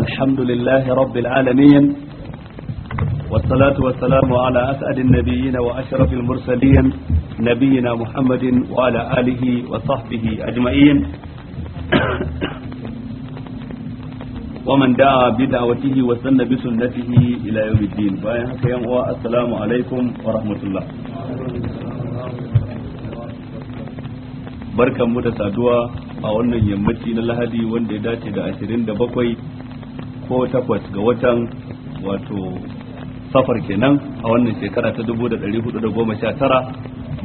الحمد لله رب العالمين والصلاة والسلام على أسعد النبيين وأشرف المرسلين نبينا محمد وعلى آله وصحبه أجمعين ومن دعا بدعوته وسن بسنته إلى يوم الدين السلام عليكم ورحمة الله barkan mu da saduwa a wannan yammaci na lahadi wanda ya dace da 27 ko takwas ga watan wato safar kenan a wannan shekara ta 1419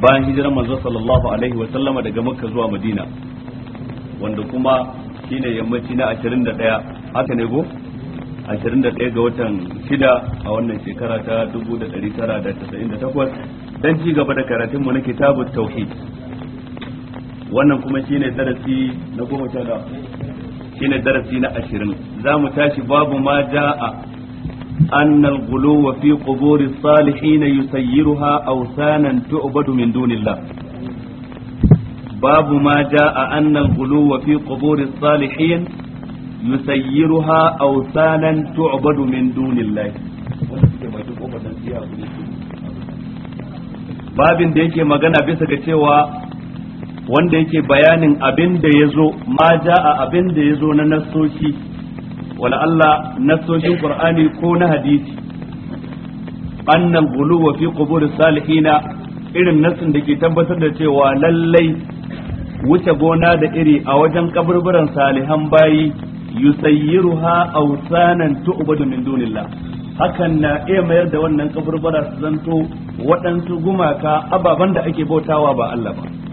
bayan hijirar manzo sallallahu alaihi wa sallama daga makka zuwa madina wanda kuma shine yammaci na 21 haka ne go 21 ga watan 6 a wannan shekara ta 1998 dan ci gaba da karatun mu na kitabut tauhid wannan kuma shine darasi na goma sha shine darasi na ashirin za mu tashi babu ma ja'a أن الغلو في قبور الصالحين يسيرها أوثانا تعبد من دون الله باب ما جاء أن الغلو في قبور الصالحين يسيرها أوثانا تعبد من دون الله babin da yake magana bisa ga cewa wanda yake bayanin abin da ya zo ma ja a abin da ya zo na nassoshi wala Allah nassoshin Qur'ani ko na hadisi Annan ghuluwa fi qubur salihina irin nassin da ke tabbatar da cewa lallai wuce gona da iri a wajen kaburburan salihan bayi yusayyiruha awsanan tu'badu min dunillah hakan na iya mayar da wannan kaburbara su zanto waɗansu gumaka ababen da ake bautawa ba Allah ba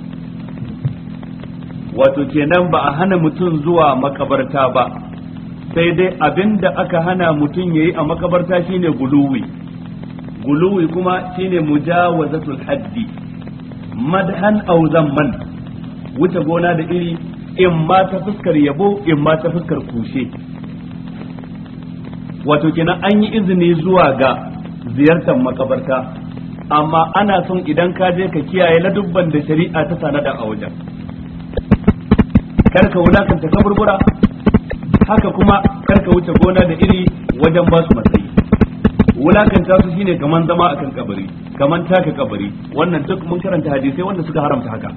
wato kenan ba a hana mutum zuwa makabarta ba sai dai abin da aka hana mutum yayi a makabarta shine guluwi guluwi kuma shine mujawazatul haddi madhan aw zamman wuce gona da iri in ma ta fuskar yabo in ma ta fuskar kushe wato kenan an yi izini zuwa ga ziyartar makabarta amma ana son idan ka je ka kiyaye ladubban da shari'a ta sanada a wajen karka wulakanta kaburbura haka kuma karka wuce gona da iri wajen ba su matsayi wulakanta su shine kaman zama akan kabari kaman taka kabari wannan duk mun karanta hadisai wanda suka haramta haka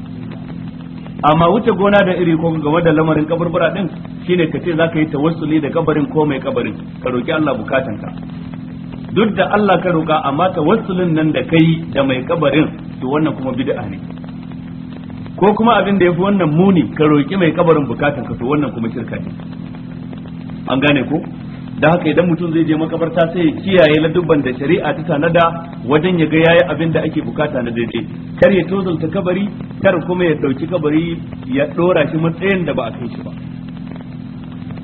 amma wuce gona da iri ko game da lamarin kaburbura din shine ka ce zaka yi tawassuli da kabarin ko mai kabarin ka roki Allah bukatanka duk da Allah ka roka amma tawassulin nan da kai da mai kabarin to wannan kuma bid'a ne ko kuma abin da ya fi wannan muni ka roƙi mai kabarin bukatun ka to wannan kuma shirka ne an gane ko da haka idan mutum zai je makabarta sai ya kiyaye ladubban da shari'a ta da wajen ya ga yayi abin da ake bukata na daidai kar ya tozalta kabari kar kuma ya dauki kabari ya dora shi matsayin da ba a kai shi ba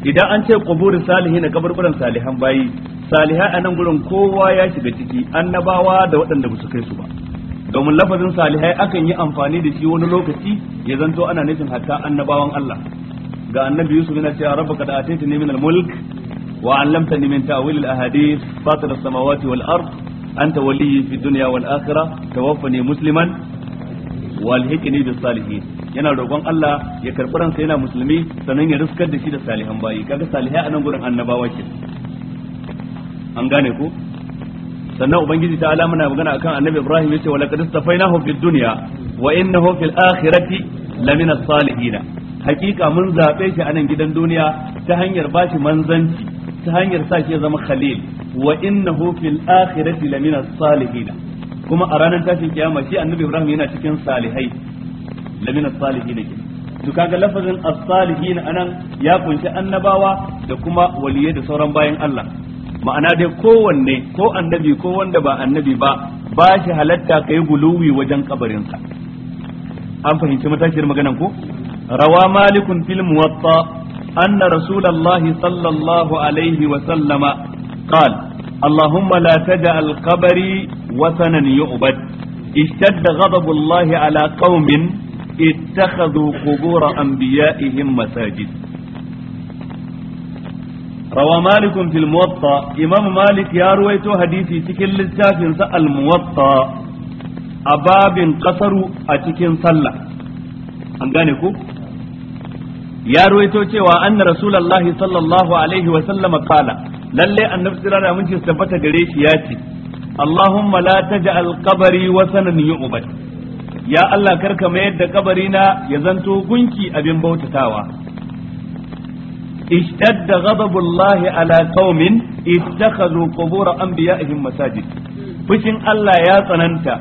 idan an ce quburin salihin na kaburburan salihan bayi salihai a nan gurin kowa ya shiga ciki annabawa da waɗanda ba su kai su ba domin lafazin salihai akan yi amfani da shi wani lokaci ya zanto ana nufin hatta annabawan Allah ga annabi Yusuf yana cewa rabbaka da ataitani min al-mulk wa 'allamtani min ta'wil al-ahadith fatir as-samawati wal ard anta waliyyi fi dunya wal akhirah tawaffani musliman walhiqni bis salihin yana roƙon Allah ya karɓi ransa yana musulmi sannan ya riskar da shi da salihan bayi kaga salihai a nan gurin annabawa ke an gane ko sannan ubangiji ta ala muna magana akan annabi ibrahim yace wa laqad istafainahu fid dunya wa innahu fil akhirati lamina salihin hakika mun zabe shi anan gidan duniya ta hanyar bashi manzanci ta hanyar sa shi zama khalil wa innahu fil akhirati lamina salihin kuma a ranar tashin kiyama shi annabi ibrahim yana cikin salihai lamina salihin ke to kaga lafazin as-salihin anan ya kunshi annabawa da kuma waliyai da sauran bayan Allah ma'ana dai kowanne ko annabi ko wanda ba annabi ba ba shi halatta yi guluwi wajen kabarinsa an fahimci matashiyar maganan ko rawa malikun fil muwatta anna rasulullahi sallallahu alaihi wa sallama qala اللهم لا تجعل قبري وثنا يعبد اشتد غضب الله على قوم اتخذوا قبور انبيائهم مساجد rawa malikun fil muwatta imam malik ya ruwaito hadisi cikin littafin sa al muwatta kasaru a cikin sallah an gane ku ya ruwaito cewa anna rasulullahi sallallahu alaihi wa sallama qala lalle annabi sirara mun ce tabbata gare shi ya ce Allahuma lataja taj'al qabri wasanan yu'bad ya Allah karka mayar da kabari ya zanto gunki abin bautatawa اشتد غضب الله على قوم اتخذوا قبور انبيائهم مساجد fushin Allah ya tsananta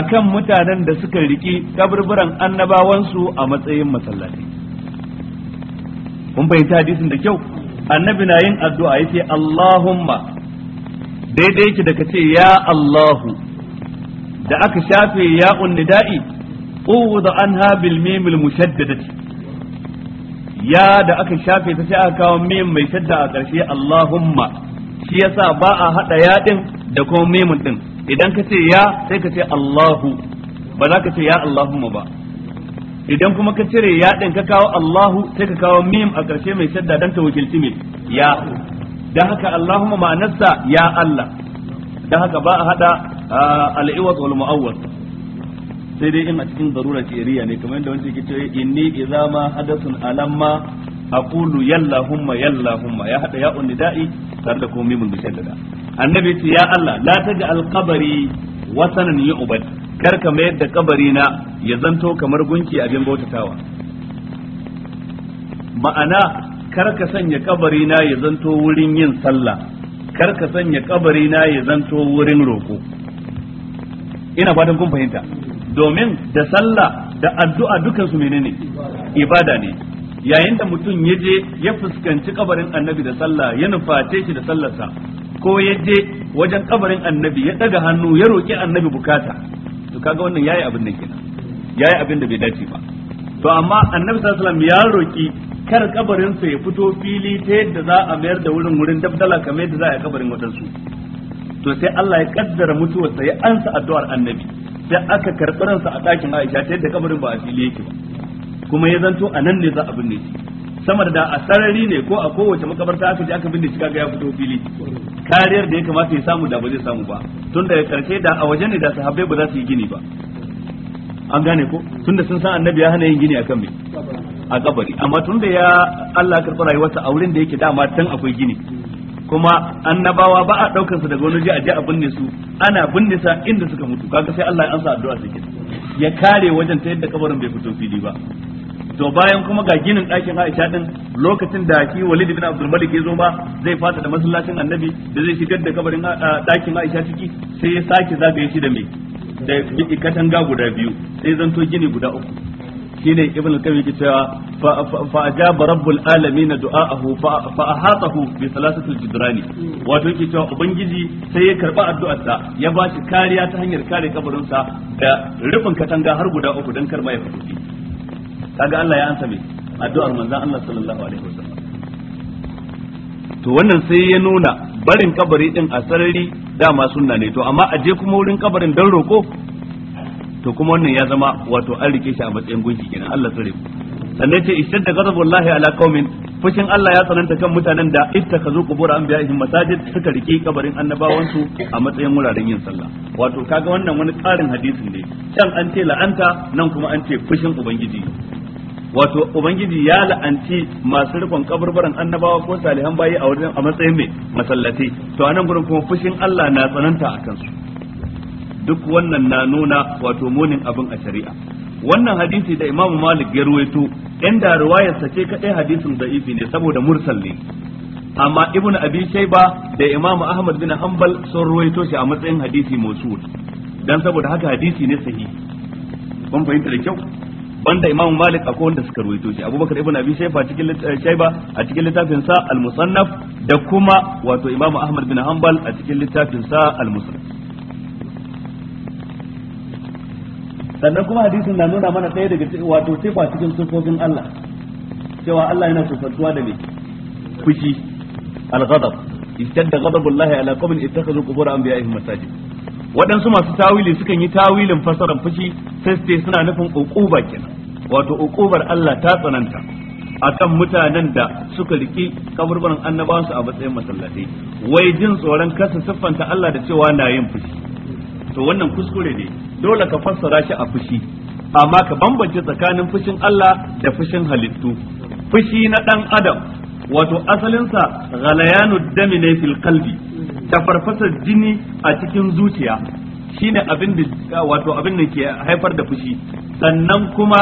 akan mutanen da suka riki kaburburan annabawansu a matsayin masallaci kun fahimta hadisin da kyau annabi na yin addu'a yace Allahumma daidai ki da kace ya Allahu da aka shafe ya nida'i uwuda anha bil mim mushaddadati ya da aka shafe ta sai aka kawo mim mai shadda a ƙarshe Allahumma shi yasa ba a hada ya din da kuma mim din idan ka ce ya sai ka ce Allahu ba za ka ce ya Allahumma ba idan kuma ka cire ya din ka kawo Allahu sai ka kawo mim a ƙarshe mai shadda dan ta wakilci mai ya dan haka Allahumma ma'anarsa ya Allah dan haka ba a hada ah, al-iwad wal mu'awwad sai dai in a cikin zarura ce riya ne kamar yadda wancan ke cewa inni izama, ma hadathun alamma aqulu yalla humma yalla humma ya hada ya'un nida'i tare da kuma mimul mushaddada annabi ce ya Allah la taja alqabari wasanan yu'bad kar ka mayar da kabari na ya zanto kamar gunki abin bautatawa ma'ana kar ka sanya kabari na ya zanto wurin yin sallah kar ka sanya kabari na ya zanto wurin roko ina fatan kun fahimta domin da sallah da addu'a dukansu su menene ibada ne yayin da mutum ya je ya fuskanci kabarin annabi da sallah ya nufate shi da sallarsa ko ya je wajen kabarin annabi ya daga hannu ya roki annabi bukata to kaga wannan yayi abin da kenan yayi abin da bai dace ba to amma annabi sallallahu alaihi wasallam ya roki kar ƙabarinsa ya fito fili ta yadda za a mayar da wurin wurin dabdala kamar yadda za a yi kabarin wadansu to sai Allah ya kaddara mutuwarsa ya ansa addu'ar annabi da aka karɓi ransa a ɗakin Aisha ta yadda kamar ba a fili yake ba kuma ya zanto a nan ne za a binne shi sama da a sarari ne ko a kowace makabarta aka je aka binne shi kaga ya fito fili kariyar da ya kamata ya samu da ba zai samu ba tun daga karshe da a waje ne da sahabbai ba za su yi gini ba an gane ko tun da sun san annabi ya hana yin gini akan me a kabari amma tun da ya Allah karɓi rayuwarsa a wurin da yake dama tun akwai gini kuma annabawa ba a daukar su daga wani je a a binne su ana binne sa inda suka mutu kaga sai Allah ya ansa addu'a take ya kare wajen ta yadda kabarin bai fito fili ba to bayan kuma ga ginin ɗakin Aisha din lokacin da ki Walid bin Abdul Malik ya zo ba zai fata da masallacin Annabi da zai shigar da kabarin ɗakin Aisha ciki sai ya sake zagaye shi da me da katanga guda biyu sai zanto gini guda uku shine ibn al-qayyim ke cewa fa ajaba rabbul alamin du'aahu fa ahatahu bi al jidrani wato yake cewa ubangiji sai ya karba addu'arsa ya ba shi kariya ta hanyar kare kabarin sa da rufin katanga har guda uku dan karba ya fito kaga Allah ya ansa me addu'ar manzon Allah sallallahu alaihi wasallam to wannan sai ya nuna barin kabari din a sarari dama sunna ne to amma aje kuma wurin kabarin dan roko to kuma wannan ya zama wato an rike shi a matsayin gunki kenan Allah tsare ku sannan ce ishtadda ghadabullahi ala qaumin fushin Allah ya tsananta kan mutanen da ita ittakhazu qubur anbiya'ihim masajid suka rike kabarin annabawansu a matsayin wuraren yin sallah wato kaga wannan wani tsarin hadisin ne can an ce la'anta nan kuma an ce fushin ubangiji wato ubangiji ya la'anci masu rikon kaburbaran annabawa ko salihan bayi a wurin a matsayin mai masallatai to anan gurin kuma fushin Allah na tsananta a kansu duk wannan na nuna wato munin abin a shari'a wannan hadisi da imamu malik ya ruwaito yan da ruwayar sa ce kadai hadisin da'ifi ne saboda mursal ne amma ibnu abi shayba da imamu ahmad bin hanbal sun ruwaito shi a matsayin hadisi mausul dan saboda haka hadisi ne sahihi kun fahimta da kyau banda imamu malik akwai wanda suka ruwaito shi abubakar ibn abi shayba cikin shayba a cikin littafin sa al-musannaf da kuma wato imamu ahmad bin hanbal a cikin littafin sa al-musannaf sannan kuma hadisin na nuna mana ɗaya daga wato sifa cikin sufofin Allah cewa Allah yana sufantuwa da me fushi al-ghadab istadda ghadabullahi ala qawmin ittakhadhu qubur anbiya'ihim masajid waɗansu masu tawili sukan yi tawilin fasaran fushi sai su suna nufin uquba kenan wato uqubar Allah ta tsananta akan mutanen da suka riki kaburburan annabawansu a matsayin masallatai wai jin tsoron kasa siffanta Allah da cewa na yin fushi to wannan kuskure ne dole ka fassara shi a fushi amma ka bambance tsakanin fushin Allah da fushin halittu fushi na dan adam wato asalinsa ghalayanu dami ne fil qalbi tafarfasar jini a cikin zuciya shine abin da wato abin da ke haifar da fushi sannan kuma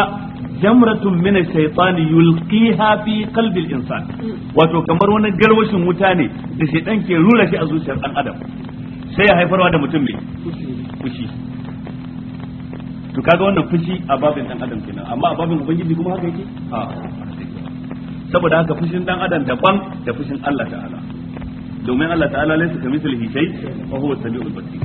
jamratun min shaytani yulqiha fi qalbi al-insan wato kamar wani garwashin wuta ne da shaytan ke rura shi a zuciyar dan adam sai ya haifarwa da mutum mai fushi to kaga wannan fushi a babin dan adam kenan amma a babin ubangiji kuma haka yake a saboda haka fushin dan adam daban da fushin Allah ta'ala domin Allah ta'ala laysa kamithlihi shay wa huwa as-sami'ul basir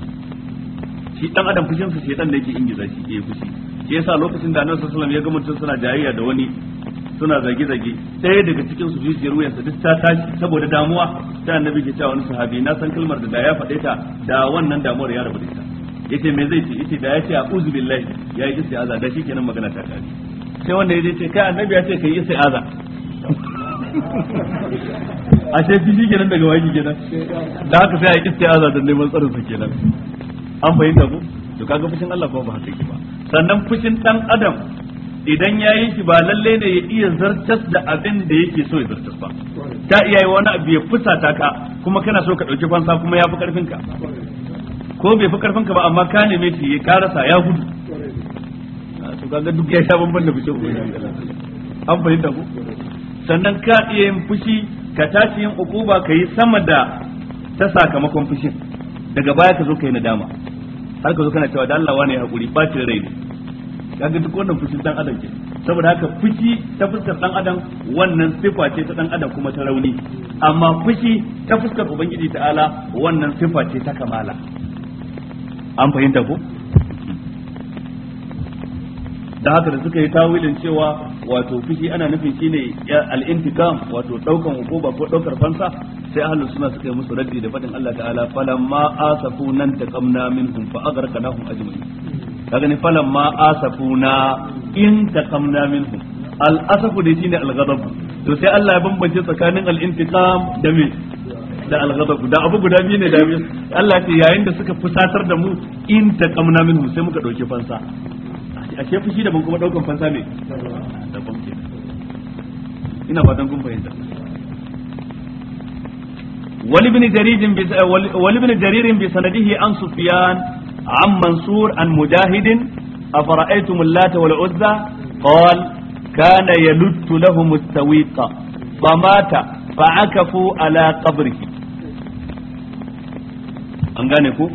shi dan adam fushin sa shedan da yake ingiza shi yake fushi shi yasa lokacin da Annabi sallallahu alaihi wasallam ya ga mutum suna jayayya da wani suna zage-zage ɗaya daga cikin su zuciyar wuyansa duk ta tashi saboda damuwa sai annabi ke cewa wani sahabi na san kalmar da da ya faɗe ta da wannan damuwar ya rabu da ita yace me zai ce yace da ce a'udhu billahi yayi isti'aza da shikenan magana ta kare sai wanda yaje ce kai annabi ya ce kai isti'aza a ce shi kenan daga waki kenan da haka sai a yi isti'aza da neman tsarin su kenan an fahimta ku to kaga fushin Allah ko ba haka yake ba sannan fushin dan adam idan ya yi shi ba lalle ne ya iya zartas da abin da yake so ya zartas ba ta iya yi wani abu ya fusata ka kuma kana so ka ɗauki fansa kuma ya fi ƙarfinka ko bai fi karfin ka ba amma ka neme shi ya karasa ya gudu ah, to kaga duk ya sha bamban da fice an fahimta ku sannan ka iya yin fushi ka tashi yin ukuba ka yi sama da ta sakamakon fushin daga baya ka zo ka yi nadama har ka zo kana cewa da Allah wani hakuri ce rai ne kaga duk wannan fushin dan adam ke saboda haka fushi ta fuskar dan adam wannan sifa ce ta dan adam kuma ta rauni amma fushi ta fuskar ubangiji ta'ala wannan sifa ce ta kamala an fahimta ko da haka da suka yi tawilin cewa wato fushi ana nufin shine al-intikam wato daukan hukuma ko daukar fansa sai ahlus sunna suka yi musu raddi da fadin Allah ta'ala falamma asafuna taqamna minhum fa aghraqnahum ajma'in kaga ne falamma asafuna in taqamna minhum al-asafu da shine al-ghadab to sai Allah ya bambance tsakanin al-intikam da me da al da abu guda biyu ne da biyu Allah ce yayin da suka fusatar da mu in min minhu sai muka dauke fansa ashe fushi da ban kuma daukan fansa ne da ban ina fatan kun fahimta wal ibn jarir bi wal ibn jarir bi sanadihi an sufyan an mansur an mujahid afara'aytum اللات والعزى قال كان يلت لهم التويق فمات فعكفوا على قبره an gane ko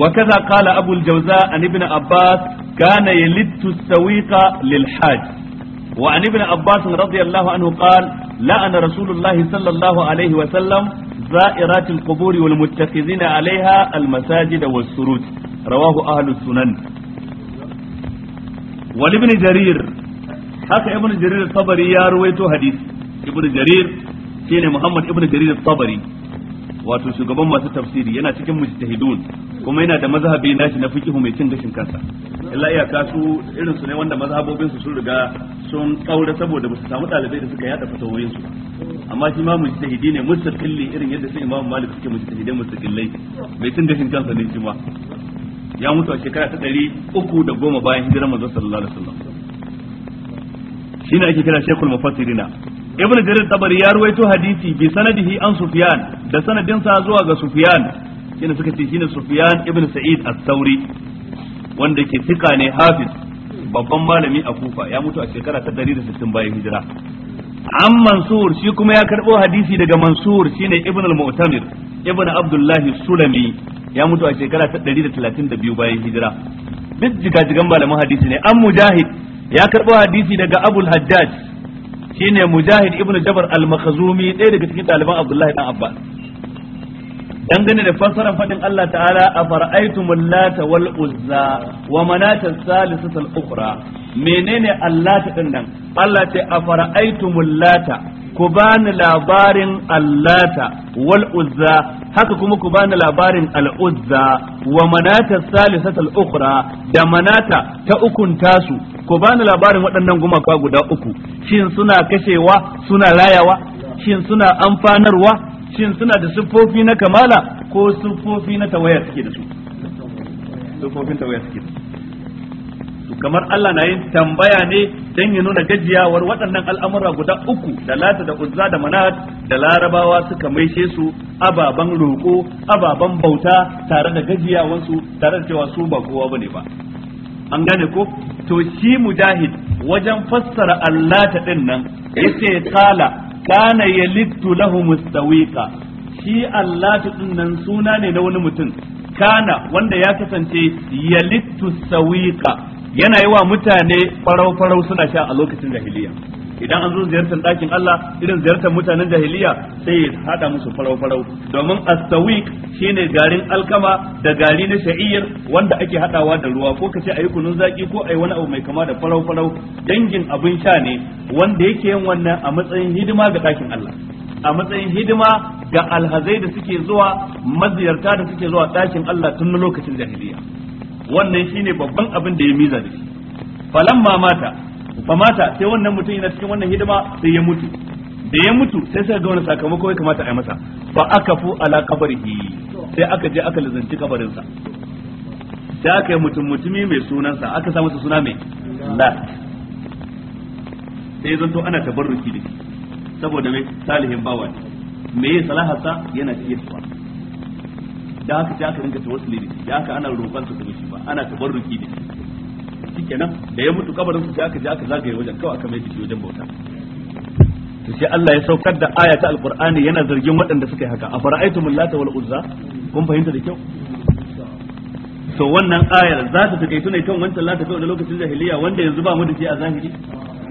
wa kaza qala abu al-jawza an ibn abbas kana yalittu sawiqa lil hajj wa an ibn abbas radiyallahu anhu qala la'ana rasulullahi sallallahu alaihi wa sallam زائرات القبور والمتخذين عليها المساجد والسروج رواه أهل السنن ولابن جرير حق ابن جرير الطبري يا رويته حديث ابن جرير شين محمد ابن جرير الطبري wato shugaban masu tafsiri yana cikin mujtahidun kuma yana da mazhabi nashi na fiqh mai cin gashin kansa illa iya kasu irin su ne wanda mazhabobin su sun riga sun kaura saboda ba su samu dalibai da suka yada fatawoyin su amma shi ma mujtahidi ne mustaqilli irin yadda su Imam Malik suke mujtahidai mustaqillai mai cin gashin kansa ne shi ma ya mutu a shekara ta 310 bayan hijirar manzo sallallahu alaihi wasallam shine ake kira shaykhul mufassirina ibn jarir tabari ya ruwaito hadisi bi sanadihi an sufyan da sanadin sa zuwa ga sufyan shine suka ce shine sufyan ibn sa'id as-sauri wanda ke tika ne hafiz babban malami a kufa ya mutu a shekara ta 160 bayan hijira an mansur shi kuma ya karbo hadisi daga mansur shine ibn al-mu'tamir ibn Abdullahi sulami ya mutu a shekara ta 132 bayan hijira duk jigajigan malamin hadisi ne an mujahid ya karɓo hadisi daga abul haddad shine mujahid ibn jabar al-makhzumi ɗaya daga cikin ɗaliban abdullahi dan abbas dangane da fassarar faɗin Allah ta'ala a fara'aitu lata wal uzza wa manata salisatul ukhra menene allata din nan Allah ce a fara'aitu lata ku bani labarin allata wal uzza haka kuma ku bani labarin al uzza wa manata salisatul ukhra da manata ta ukun tasu ku bani labarin waɗannan gumaka guda uku shin suna kashewa suna rayawa shin suna amfanarwa shin suna da siffofi na kamala ko siffofi na tawaya suke da su siffofin tawaya suke da su kamar Allah na yin tambaya ne don ya nuna gajiyawar waɗannan al'amura guda uku da lata da uzza da manat da larabawa suka maishe su ababen roƙo ababen bauta tare da gajiyawansu tare da cewa su ba kowa bane ba an gane ko to shi mujahid wajen fassara allata din nan yace kala kana yalittu lahu mustawiqa shi allata din nan suna ne na wani mutum kana wanda ya kasance yalittu sawiqa yana yi wa mutane farau farau suna sha a lokacin jahiliya idan an zo ziyartar ɗakin Allah irin ziyartar mutanen jahiliya sai ya hada musu farau farau domin astawik shine garin alkama da gari na sha'iyyar wanda ake hadawa da ruwa ko kace ayi kunun zaki ko ayi wani abu mai kama da farau farau dangin abin sha ne wanda yake yin wannan a matsayin hidima ga ɗakin Allah a matsayin hidima ga alhazai da suke zuwa maziyarta da suke zuwa ɗakin Allah tun lokacin jahiliya wannan shine babban abin da ya miza da shi falamma mata ba mata sai wannan mutum yana cikin wannan hidima sai ya mutu da ya mutu sai sai ga wani sakamako ya kamata a yi masa ba aka fu ala qabrihi sai aka je aka lazanci kabarin sa sai aka yi mutum mutumi mai sunansa aka sa masa suna mai la sai zanto ana tabarruki da saboda mai salihin bawa me yi salahasa yana cikin suwa da haka sai aka rinka tawassuli da shi da haka ana roƙon sa kuma shi ba ana tabarruki da shi kenan da ya mutu kabarin su sai aka je aka zagaye wajen kawai aka mai jiki wajen bauta to sai Allah ya saukar da aya ta alqur'ani yana zargin waɗanda suka yi haka a fara'aytum lata wal uzza kun fahimta da kyau to wannan ayar za ta take tunai kan wancan lata kawai da lokacin jahiliya wanda yanzu ba mu da shi a zahiri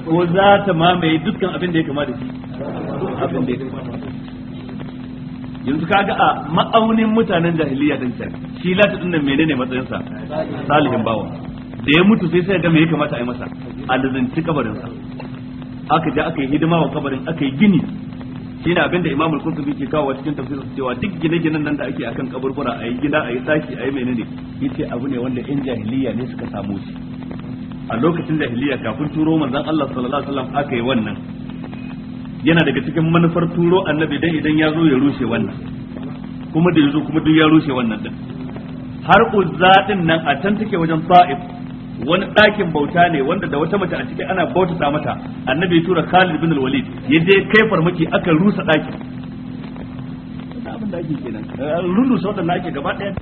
ko za ta mamaye dukkan abin da ya kama da shi abin da ya kama yanzu ga a ma'aunin mutanen jahiliya din can shi lata din nan menene matsayin sa salihin bawa da ya mutu sai sai ga me ya kamata a yi masa a kabarin kabarinsa aka ja aka yi hidima wa kabarin aka yi gini shi ne abinda imam kunsu qurtubi ke kawo cikin tafsirin cewa duk gine-ginen nan da ake akan kaburbura a yi gida a yi saki a yi menene yace abu ne wanda yan jahiliya ne suka samu shi a lokacin jahiliya kafin turo manzon Allah sallallahu alaihi wasallam aka yi wannan yana daga cikin manufar turo annabi dan idan ya zo ya rushe wannan kuma da yazo kuma duk ya rushe wannan din har uzza din nan a can take wajen ta'if wani ɗakin bauta ne wanda da wata mace a ciki ana bauta ta mata annabi ya tura Khalid bin Walid ya je kai farmaki aka rusa ɗakin abin da ake kenan rundu sau da ake gaba ɗaya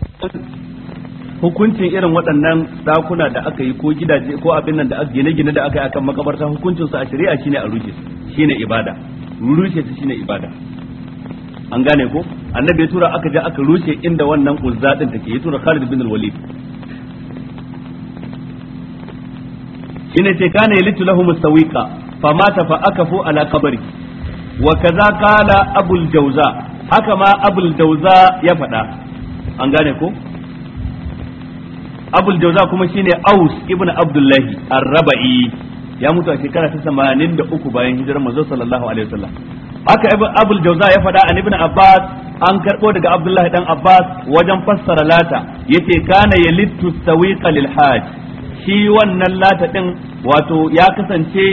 hukuncin irin waɗannan ɗakuna da aka yi ko gidaje ko abin nan da aka gine-gine da aka yi akan makabarta hukuncin su a shari'a shine a rushe shine ibada rushe su shine ibada an gane ko annabi ya tura aka je aka rushe inda wannan uzza din take ya tura Khalid bin Walid shine ce kana yalitu lahum sawiqa famata fa akafu ala qabri wa kaza qala abul jawza haka ma abul jawza ya faɗa an gane ko abul jawza kuma shine aus Ibn abdullahi ar-rabai ya mutu a shekara ta 83 bayan hijirar manzo sallallahu alaihi wasallam haka ibn abul jawza ya faɗa an ibn abbas an karbo daga abdullahi dan abbas wajen fassara lata yace kana yalittu sawiqa lil hajj shi wannan lata wato ya kasance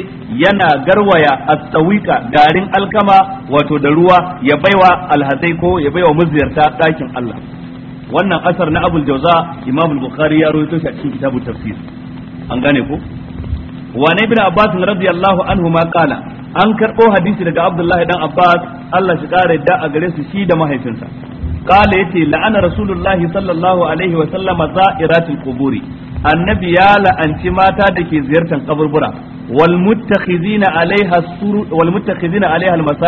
yana garwaya astawika garin alkama wato da ruwa ya baiwa alhazai ko ya baiwa muziyarta ɗakin Allah wannan asar na Abul Jawza Imam bukhari ya rawaito shi a cikin kitabut tafsir an gane ko wa ibn Abbas radiyallahu anhu ma an karbo hadisi daga Abdullahi dan Abbas Allah shi kare da a gare su shi da mahaifinsa qala yace la'ana rasulullahi sallallahu alaihi wa sallama za'iratil quburi annabi ya la'anci mata da ke ziyartar kaburbura wal muttakhizina alaiha sur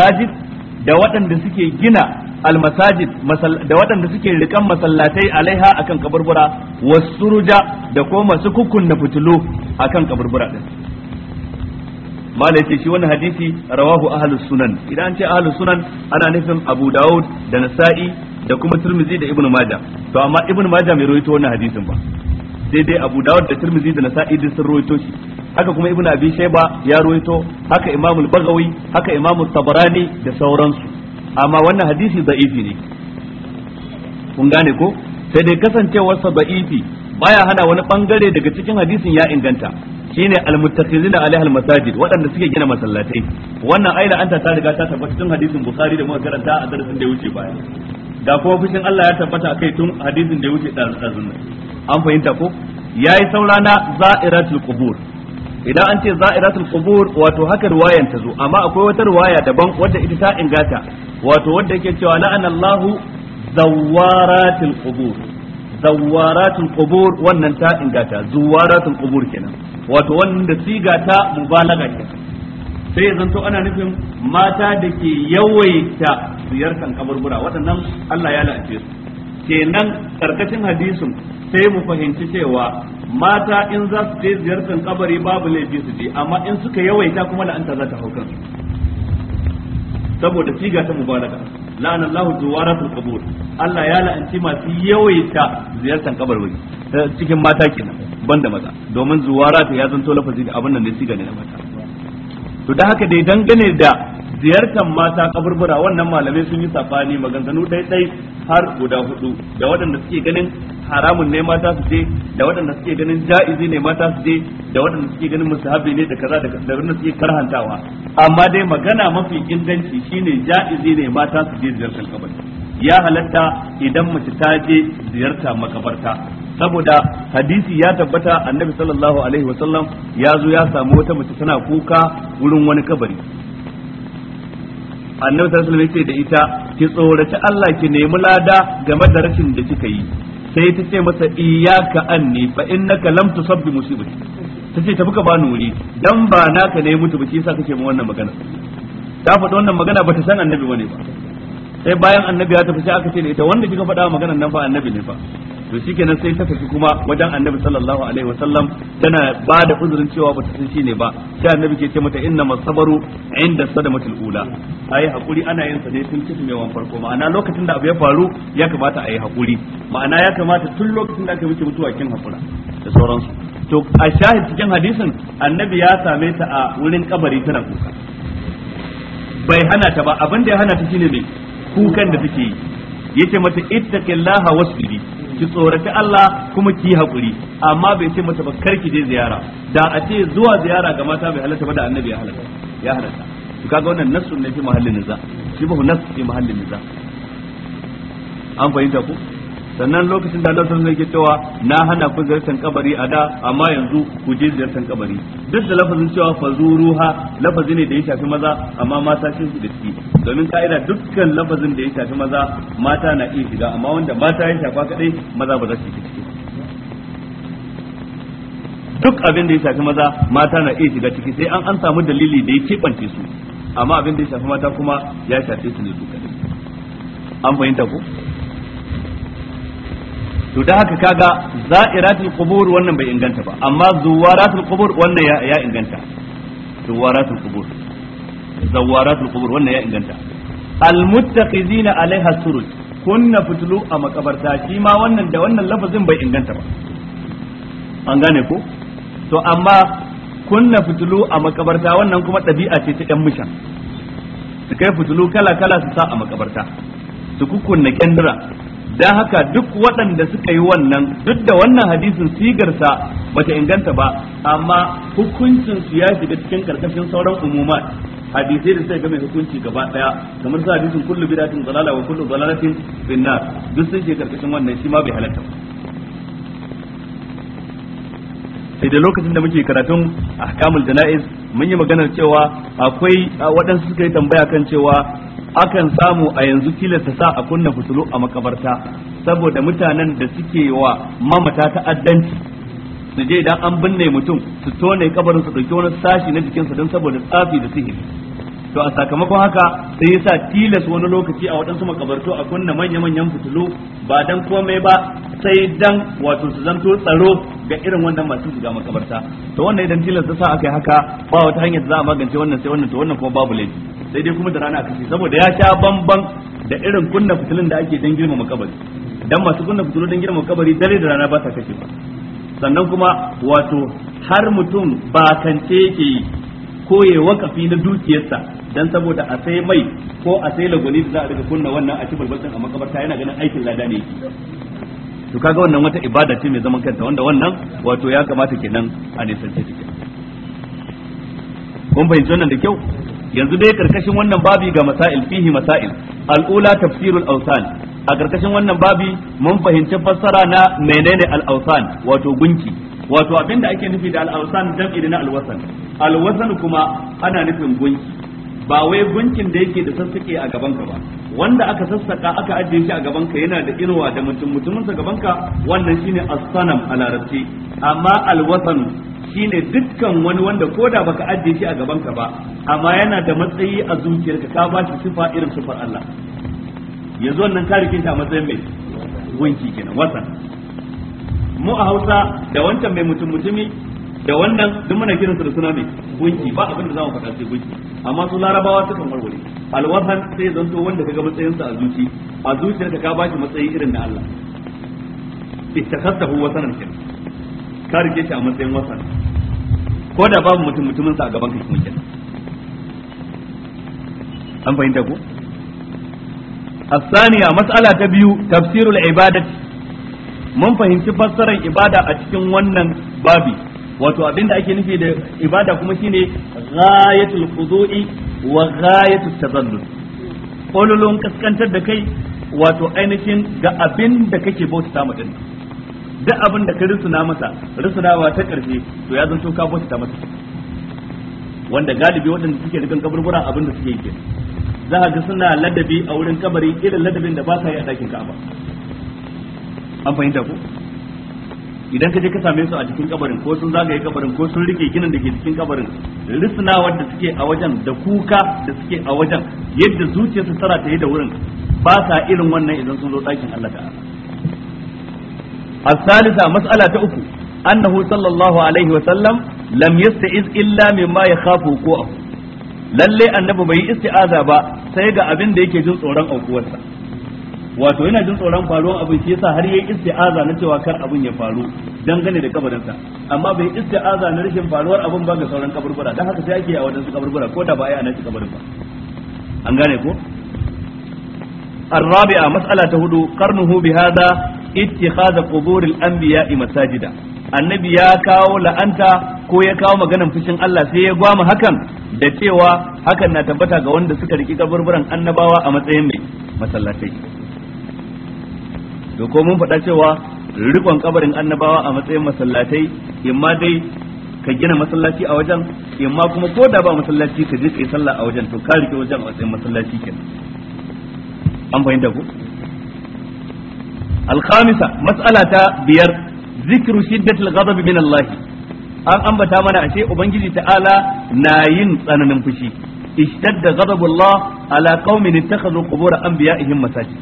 da waɗanda suke gina al da waɗanda suke rikan masallatai alaiha akan kaburbura wasuruja da ko masu kukunna fitilu akan kaburbura din malai ce shi hadisi rawahu ahlus sunan idan an ce ahlus sunan ana nufin abu daud da nasa'i da kuma Tirmidhi da Ibn Majah to amma Ibn Majah mai rawaito wannan hadisin ba sai dai Abu Dawud da Tirmidhi da Nasa'i duk sun rawaito shi haka kuma Ibn Abi Shayba ya rawaito haka Imam Al-Baghawi haka Imam Tabarani da sauransu amma wannan hadisi da'ifi ne kun gane ko sai dai kasancewarsa da'ifi baya hana wani bangare daga cikin hadisin ya inganta shine almuttakhizin al almasajid waɗanda suke gina masallatai wannan aila anta ta riga ta tabbata cikin hadisin bukhari da muka a darasin da ya wuce baya da kuma fushin Allah ya tabbata kai tun hadisin da ya wuce ɗazun an fahimta ko yayi saurana za'iratul qubur idan an ce za'iratul qubur wato haka ruwayan ta zo amma akwai wata ruwaya daban wadda ita ta ingata wato wadda yake cewa la'anallahu zawaratul qubur zawaratul qubur wannan ta ingata zawaratul qubur kenan wato wannan da siga ta mubalaga kenan sai ya zanto ana nufin mata da ke yawaita ziyartar kaburbura waɗannan Allah ya la'ace su kenan karkashin hadisin sai mu fahimci cewa mata in za su je ziyartar kabari babu laifi su je amma in suka yawaita kuma la'anta za ta hau kan saboda siga ta mubaraka la'an Allahu duwaratul qubur Allah ya la'anci masu yawaita ziyartar kabarwari eh, cikin mata kenan banda maza domin zuwara ta ya zanto lafazi da abin nan ne siga ne na mata to da haka dai dangane da ziyartar mata kaburbura wannan malamai sun yi safani maganganu dai har guda hudu da waɗanda suke ganin haramun ne mata su je da waɗanda suke ganin ja'izi ne mata su je da waɗanda suke ganin musahabi ne da kaza da da suke karhantawa amma dai magana mafi inganci shine ja'izi ne mata su je ziyartar kaburbura ya halatta idan mace ta je ziyarta makabarta saboda hadisi ya tabbata annabi sallallahu alaihi wasallam ya zo ya samu wata mace tana kuka wurin wani kabari annabi sallallahu alaihi wasallam da ita ki tsoraci Allah ki nemi lada game da rashin da kika yi sai ta ce masa iyyaka anni fa innaka lam bi musibati ce tafi ka bani wuri dan ba naka ne mutu ba shi yasa kake mu wannan magana ta faɗi wannan magana bata san annabi bane ba sai bayan annabi ya tafi sai aka ce ne ita wanda kika faɗa maganar nan fa annabi ne fa to shikenan sai ta tafi kuma wajen annabi sallallahu alaihi wasallam tana ba da uzurin cewa bata san shi ne ba sai annabi ke ce mata inna masabaru inda sadamatul ula ayi hakuri ana yin sa ne tun cikin mewan farko ma'ana lokacin da abu ya faru ya kamata ayi hakuri ma'ana ya kamata tun lokacin da aka wuce mutuwa kin hakura da sauransu to a shahid cikin hadisin annabi ya same ta a wurin kabari tana kuka bai hana ta ba abin da ya hana ta shine me kukan da take yi yace mata ittaqillaha wasbiri ki tsorata Allah kuma ki hakuri amma bai ce mata ba karki je ziyara da a ce zuwa ziyara ga mata bai halatta ba da annabi ya halatta ya halatta to kaga wannan nassun ne fi mahallin niza shi ba nas fi mahallin niza an fahimta ko sannan lokacin da Allah sallallahu alaihi cewa na hana ku ziyartar kabari a da amma yanzu ku je ziyartar kabari duk da lafazin cewa fazuruha lafazi ne da ya shafi maza amma mata sun su da shi domin ka'ida dukkan lafazin da ya shafi maza mata na iya shiga amma wanda mata ya shafa kadai maza ba za su shiga duk abin da ya shafi maza mata na iya shiga ciki sai an an samu dalili da ya kebance su amma abin da ya shafi mata kuma ya shafe su ne su kadai an fahimta ko to da haka kaga za'iratul qubur wannan bai inganta ba amma zuwaratul qubur wannan ya inganta zuwaratul qubur zawaratul qubur wannan ya inganta al muttaqizina alaiha suruj kunna fitulu a makabarta shi ma wannan da wannan lafazin bai inganta ba an gane ko to amma kunna fitulu a makabarta wannan kuma ɗabi'a ce ta ɗan mishan su kai fitulu kala kala su sa a makabarta su kukkunna kendira dan haka duk waɗanda suka yi wannan duk da wannan hadisin sigarsa bata inganta ba amma hukuncin su ya shiga cikin karkashin sauran umumat hadisai da suka game hukunci gaba daya kamar su hadisin kullu bidatin zalala wa kullu dalalatin binna. duk sun shiga karkashin wannan shi ma bai halatta sai da lokacin da muke karatun ahkamul jana'iz mun yi maganar cewa akwai waɗansu suka yi tambaya kan cewa akan samu a yanzu tilasta sa a kunna fitulu a makabarta saboda mutanen da suke wa mamata ta'addanci su je idan an binne mutum su tone kabarin su dauki wani sashi na jikinsa don saboda tsafi da sihiri to a sakamakon haka sai yasa tilas wani lokaci a waɗansu makabartu a kunna manya-manyan fitilu ba dan komai ba sai dan wato su zanto tsaro ga irin wannan masu shiga makabarta to wannan idan tilas ta sa aka yi haka ba wata hanyar da za a magance wannan sai wannan to wannan kuma babu laifi sai dai kuma da rana aka ce saboda ya sha bamban da irin kunna fitilun da ake dan girmama makabari dan masu kunna fitilu dan girmama makabari dare da rana ba ta kashe ba sannan kuma wato har mutum ba kance yake yi ko ya wakafi na dukiyarsa dan saboda a sai mai ko a sai lagoni da za a daga kunna wannan a cikin balbalin a makabarta yana ganin aikin lada ne to kaga wannan wata ibada ce mai zaman kanta wanda wannan wato ya kamata kenan a nisance ta kun fahimci wannan da kyau yanzu dai karkashin wannan babi ga masail fihi masail al'ula tafsirul awsan a karkashin wannan babi mun fahimci fassara na menene al-awsan wato gunki wato abin da ake nufi da al-awsan jam'i da na al-wasan kuma ana nufin gunki ba wai gunkin da yake da sassaƙe a gaban ka ba wanda aka sassaƙa aka ajiye shi a gaban ka yana da irwa da mutum mutumin sa gaban ka wannan shine as-sanam a larabci amma al-wasan shine dukkan wani wanda koda baka ajiye shi a gaban ka ba amma yana da matsayi a zuciyarka ka ba shi sifa irin sifar Allah yanzu wannan tarikin ta matsayin mai gunki kenan wasan mu a Hausa da wancan mai mutum mutumi da wannan duk muna kiransu da suna mai gunki ba abin da za mu faɗa sai gunki amma su larabawa sukan warware alwahan sai zanto wanda kaga matsayinsa a zuci a zuciyar ka shi matsayi irin na Allah wa sanan kin ka rike shi a matsayin wasan ko da babu mutum mutumin sa a gaban ka kuma kenan an fahimta ko الثانية مسألة تبيو تفسير العبادة mun fahimci fassarar ibada a cikin wannan babi wato abinda ake nufi da ibada kuma shine ghayatul khudu'i wa ghayatul tazallul kullun kaskantar da kai wato ainihin ga abin da kake bauta ma din duk abin da ka risuna masa risunawa ta karshe to ya zanto ka bauta masa wanda galibi waɗanda suke rigan kaburbura abin da suke yi za a ga suna ladabi a wurin kabari irin ladabin da ba sa yi a ɗakin ka'aba an fahimta ko idan ka je ka same su a cikin kabarin ko sun zagaye kabarin ko sun rike ginin da ke cikin kabarin risnawar wanda suke a wajen da kuka da suke a wajen yadda zuciyarsu tara ta yi da wurin ba sa irin wannan idan sun zo dakin Allah ta'ala الثالثة مسألة uku أنه صلى الله عليه وسلم لم يستئذ إلا مما يخاف وقوعه lalle annabi bai isti'aza ba sai ga abin da yake jin tsoron aukuwarsa wato yana jin tsoron faruwar abin shi yasa har yayi isti'aza na cewa kar abin ya faru dangane da kabarinsa amma bai isti'aza na rashin faruwar abin ba ga sauran kaburbura dan haka sai ake a su kaburbura ko da ba ai a nan kabarin ba an gane ko الرابعة مسألة هدو قرنه بهذا اتخاذ قبور الأنبياء مساجدا annabi ya kawo la'anta ko ya kawo maganan fushin Allah sai ya gwama hakan da cewa hakan na tabbata ga wanda suka riki kaburburan annabawa a matsayin mai masallatai da ko mun faɗa cewa rikon kabarin annabawa a matsayin masallatai imma dai ka gina masallaci a wajen imma kuma ko da ba masallaci ka je yi sallah a wajen to ka rike wajen a matsayin masallaci kenan an fahimta ko mas'ala ta biyar ذكر شدة الغضب من الله an ambata mana ashe ubangiji ta'ala na yin tsananin fushi ishtadda ghadabullah ala qaumin ittakhadhu qubur anbiya'ihim masajid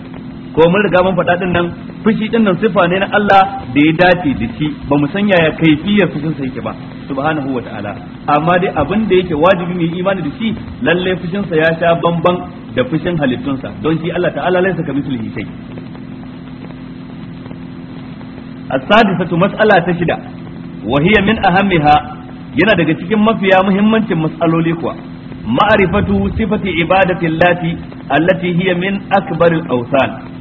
ko mun riga mun faɗa din nan fushi din nan sifa ne na Allah da ya dace da shi ba mu san yaya kaifiyar fushin sa yake ba subhanahu wa ta'ala amma dai abin da yake wajibi mu yi imani da shi lalle fushin sa ya sha bamban da fushin halittun sa don shi Allah ta'ala laisa ka mislihi shay as-sadisatu mas'ala ta shida wa hiya min ahammiha yana daga cikin mafiya muhimmancin mas'aloli kuwa ma'rifatu sifati ibadati allati allati hiya min akbaril awsan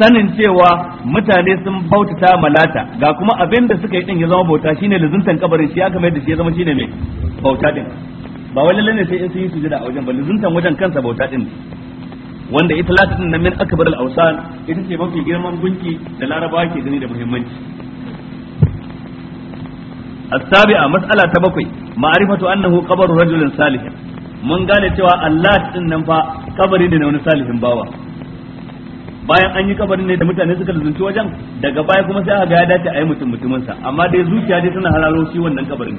sanin cewa mutane sun bautata malata ga kuma abin da suka yi din ya zama bauta shine luzuntan kabarin shi aka mai da shi ya zama shine mai bauta din ba wai lalle ne sai in sun yi sujada a wajen ba luzuntan wajen kansa bauta din wanda ita latin nan min akbar al-awsan ita ce mafi girman gunki da larabawa ke gani da muhimmanci السابعة مسألة تبقي معرفة mun قبر رجل صالح من قال fa اللات إنما قبر wani صالح bawa. bayan an yi kabarin ne da mutane suka luzunci wajen daga baya kuma sai aka ga ya dace a yi mutum mutumin sa amma dai zuciya dai tana hararo shi wannan kabarin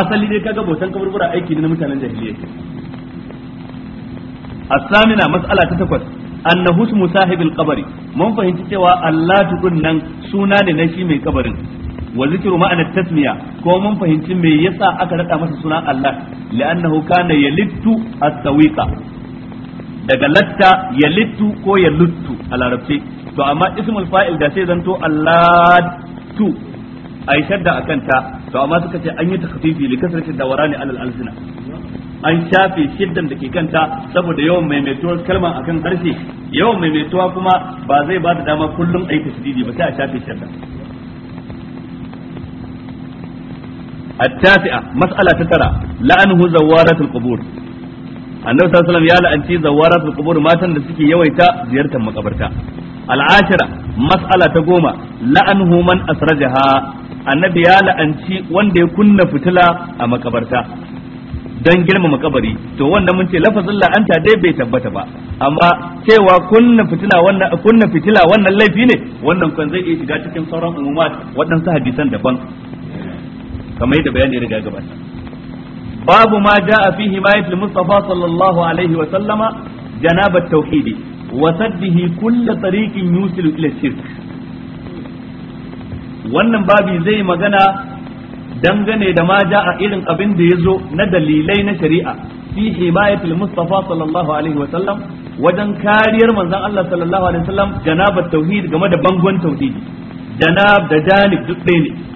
asali dai kaga bautan kaburbura aiki ne na mutanen jahiliya asamina mas'ala ta takwas annahu ismu sahibil qabri mun fahimci cewa Allah tudun nan suna ne na shi mai kabarin wa zikru ma'ana tasmiya ko mun fahimci me yasa aka rada masa suna Allah li'annahu kana yalittu as-sawiqa daga latta ya littu ko ya luttu a larabce to amma ismul fa'il da sai zanto allatu ai shadda akan ta to amma suka ce an yi takhfifi li kasrati dawrani alal alsina an shafe shiddan da ke kanta saboda yawan maimaituwar kalma akan harshe yawan maimaituwa kuma ba zai ba da dama kullum ai tasdidi ba sai a shafe shiddan التاسعة مسألة ترى لأنه زوارة القبور annabi sallallahu alaihi wasallam ya la'anci zawaratul qubur matan da suke yawaita ziyartar makabarta al'ashira mas'ala ta goma la'anhu man asrajaha annabi ya la'anci wanda ya kunna fitila a makabarta dan girma makabari to wanda mun ce lafazin la'anta dai bai tabbata ba amma cewa kunna fitila wannan kunna fitila wannan laifi ne wannan kan zai iya shiga cikin sauran umumat waɗansu hadisan daban kamar yadda bayani riga gabata babu ma jaa fi himayat al-mustafa sallallahu alaihi wa sallama janaba tauhidi wa saddihi kull tariqin yusilu ila shirk wannan babi zai magana dangane da ma jaa irin abin da ya zo na dalilai na shari'a fi himayat al-mustafa sallallahu alaihi wa sallam wajen kariyar manzon Allah sallallahu alaihi wa sallam janaba tauhid game da bangon tauhidi janab da janib duk ɗaya ne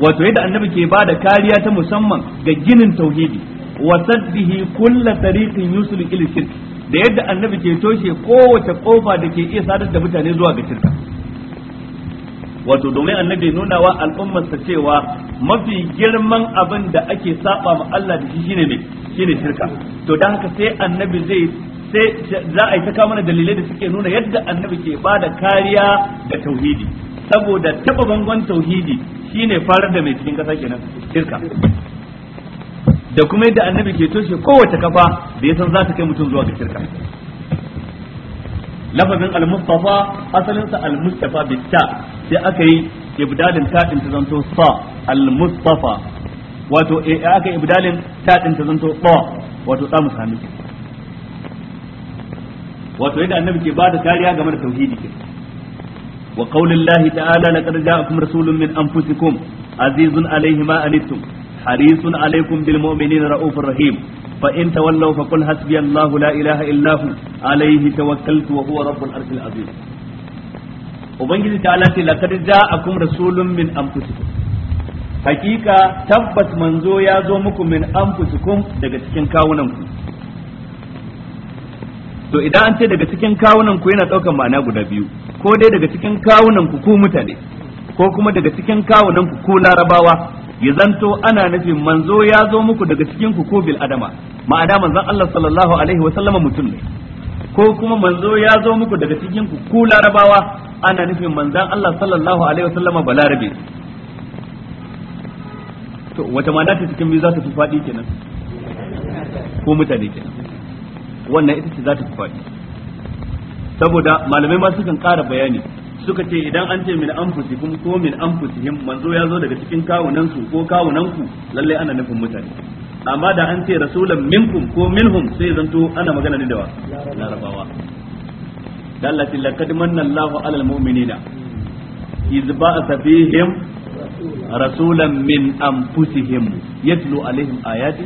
wato yadda annabi ke ba da kariya ta musamman ga ginin tauhidi wa saddihi kullu tariqin yusul ila shirk da yadda annabi ke toshe kowace kofa da ke iya sadar da mutane zuwa ga shirka wato domin annabi nuna wa al'ummarsa cewa mafi girman abin da ake saba ma Allah da shi shine ne shine shirka to dan haka sai annabi zai sai za a yi ta kama dalilai da suke nuna yadda annabi ke ba da kariya da tauhidi saboda taba bangon tauhidi shine farar da mai cikin kasa kenan shirka da kuma yadda annabi ke toshe kowace kafa da ya san za ta kai mutum zuwa ga shirka lafazin al-mustafa asalin sa al-mustafa bitta sai aka yi ibdalin ta din ta zanto sa al-mustafa wato eh, aka yi ibdalin ta din ta zanto ba wato ta musami wato yadda annabi ke bada kariya game da tauhidi kenan wa qaulillahi ta'ala laqad ja'akum rasulun min anfusikum azizun alayhi ma anittum harisun alaykum bil mu'minina raufur rahim fa in tawallaw faqul hasbiyallahu la ilaha illa hu alayhi tawakkaltu wa huwa rabbul arshil azim ubangiji ta'ala ce laqad rasulun min anfusikum hakika tabbas manzo ya zo muku min anfusikum daga cikin kawunanku to idan an ce daga cikin kawunan ku yana daukan ma'ana guda biyu ko dai daga cikin kawunan ku ku mutane ko kuma daga cikin kawunan ku ku larabawa ya zanto ana nufin manzo ya zo muku daga cikin ku ko bil adama ma'ana manzon Allah sallallahu alaihi wa sallama mutum ne ko kuma manzo ya zo muku daga cikin ku ku larabawa ana nufin manzon Allah sallallahu alaihi wa sallama balarabe to wata ma'ana ta cikin biyu za ta fi faɗi kenan ko mutane kenan wannan ita ce za ta faɗi saboda malamai ma sukan ƙara bayani suka ce idan an ce min kuma ko min anfusihim manzo ya zo daga cikin kawunan su ko kawunan ku lalle ana nufin mutane amma da an ce rasulan minkum ko minhum sai zanto ana magana ne da wa larabawa dallati laqad manna Allahu alal mu'minina iz ba'atha fihim rasulan min anfusihim yatlu alaihim ayati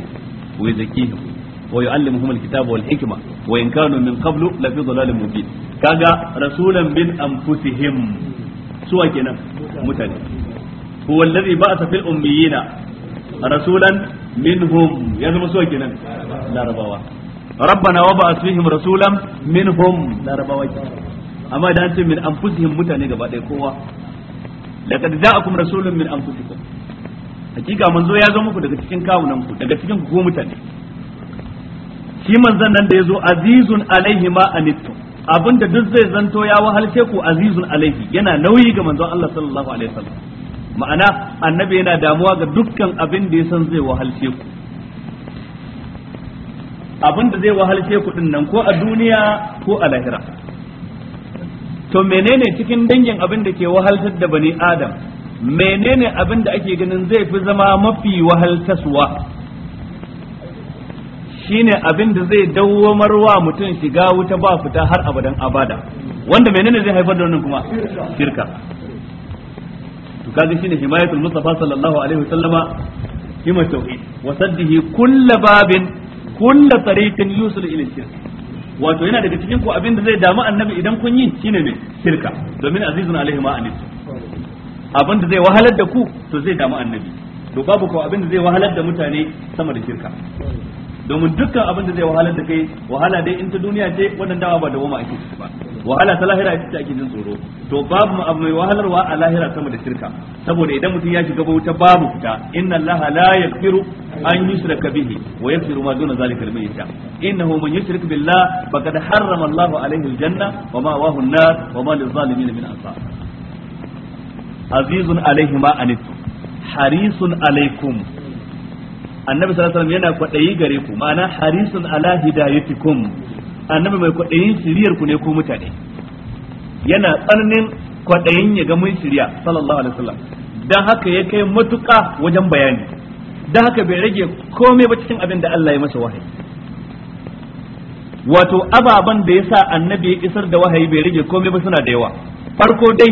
wa yuzakkihim ويعلمهم الكتاب والحكمة وإن كانوا من قبل لفي ضلال مبين كاغا رسولا من أنفسهم سوى كنا متنى هو الذي بعث في الأميين رسولا منهم يزم سوى كنا لا ربوا ربنا وبعث فيهم رسولا منهم لا ربوا أما إذا أنت من أنفسهم متنى قبل قوة لقد جاءكم رسول من أنفسكم hakika manzo ya zo muku daga cikin kawunan ku daga cikin ku mutane shi manzan nan da ya zo azizun alaihi ma anittu abinda duk zai zanto ya wahalce ku azizun alaihi yana nauyi ga manzon Allah sallallahu alaihi wasallam ma'ana annabi yana damuwa ga dukkan abin da ya san zai wahalce ku abin da zai wahalce ku din ko a duniya ko a lahira to menene cikin dangin abin da ke wahaltar da bani adam menene abin da ake ganin zai fi zama mafi wahaltaswa shine abin da zai dawwamar wa mutum shiga wuta ba fita har abadan abada wanda menene zai haifar da wannan kuma shirka to kaga shine himayatul mustafa sallallahu alaihi wasallama hima tauhid wa saddihi kullu babin kullu tariqin yusul ila shirk wato yana daga cikin ku abin da zai damu annabi idan kun yi shine ne shirka domin azizun alaihi ma anis abin da zai wahalar da ku to zai damu annabi to babu ko abin da zai wahalar da mutane sama da shirka domin dukkan abin da zai wahalar da kai wahala dai in ta duniya ce wannan dawa ba da ake ciki ba wahala ta lahira ita ce ake jin tsoro to babu abu mai wahalarwa a lahira sama da shirka saboda idan mutum ya shiga bauta babu fita inna allaha la yaghfiru an yushraka bihi wa yaghfiru ma duna zalika liman yasha innahu man yushrik billah faqad harrama allahu alayhi aljanna wa ma wahu an wa ma lizalimin min ansar azizun alayhi ma harisun alaykum annabi sallallahu alaihi wasallam yana kwadayi gare ku ma'ana harisun ala hidayatikum annabi mai kwadayin shiriyar ku ne ko mutane yana tsananin kwadayin ya ga mun siriya sallallahu alaihi wasallam dan haka ya kai matuƙa wajen bayani dan haka bai rage komai ba cikin abin da Allah ya masa wahayi wato ababan da yasa annabi ya isar da wahayi bai rage komai ba suna da yawa farko dai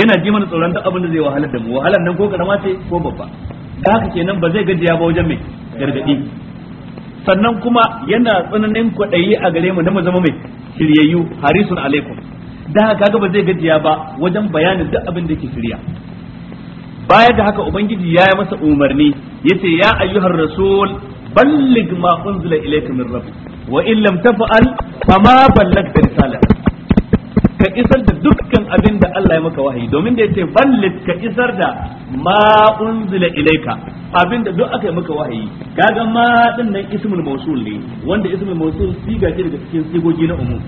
yana ji mana tsoron duk abin da zai wahalar da mu wahalar nan ko karama ce ko babba da haka kenan ba zai gajiya ba wajen mai gargadi sannan kuma yana tsananin kwaɗayi a gare mu na mu zama mai shiryayyu harisun alaikum da haka kaga ba zai gajiya ba wajen bayanin duk abin da ke shirya baya da haka ubangiji ya yi masa umarni yace ya ayyuhar rasul balligh ma unzila ilayka min rabbik wa in lam taf'al fama ballagta risalata ka isar da dukkan abin da Allah ya maka wahayi domin da yace ballit ka isar da ma unzila ilaika abin da duk aka yi maka wahayi kaga ma din nan ismul mawsul ne wanda ismul mawsul siga ce daga cikin sigogi na umum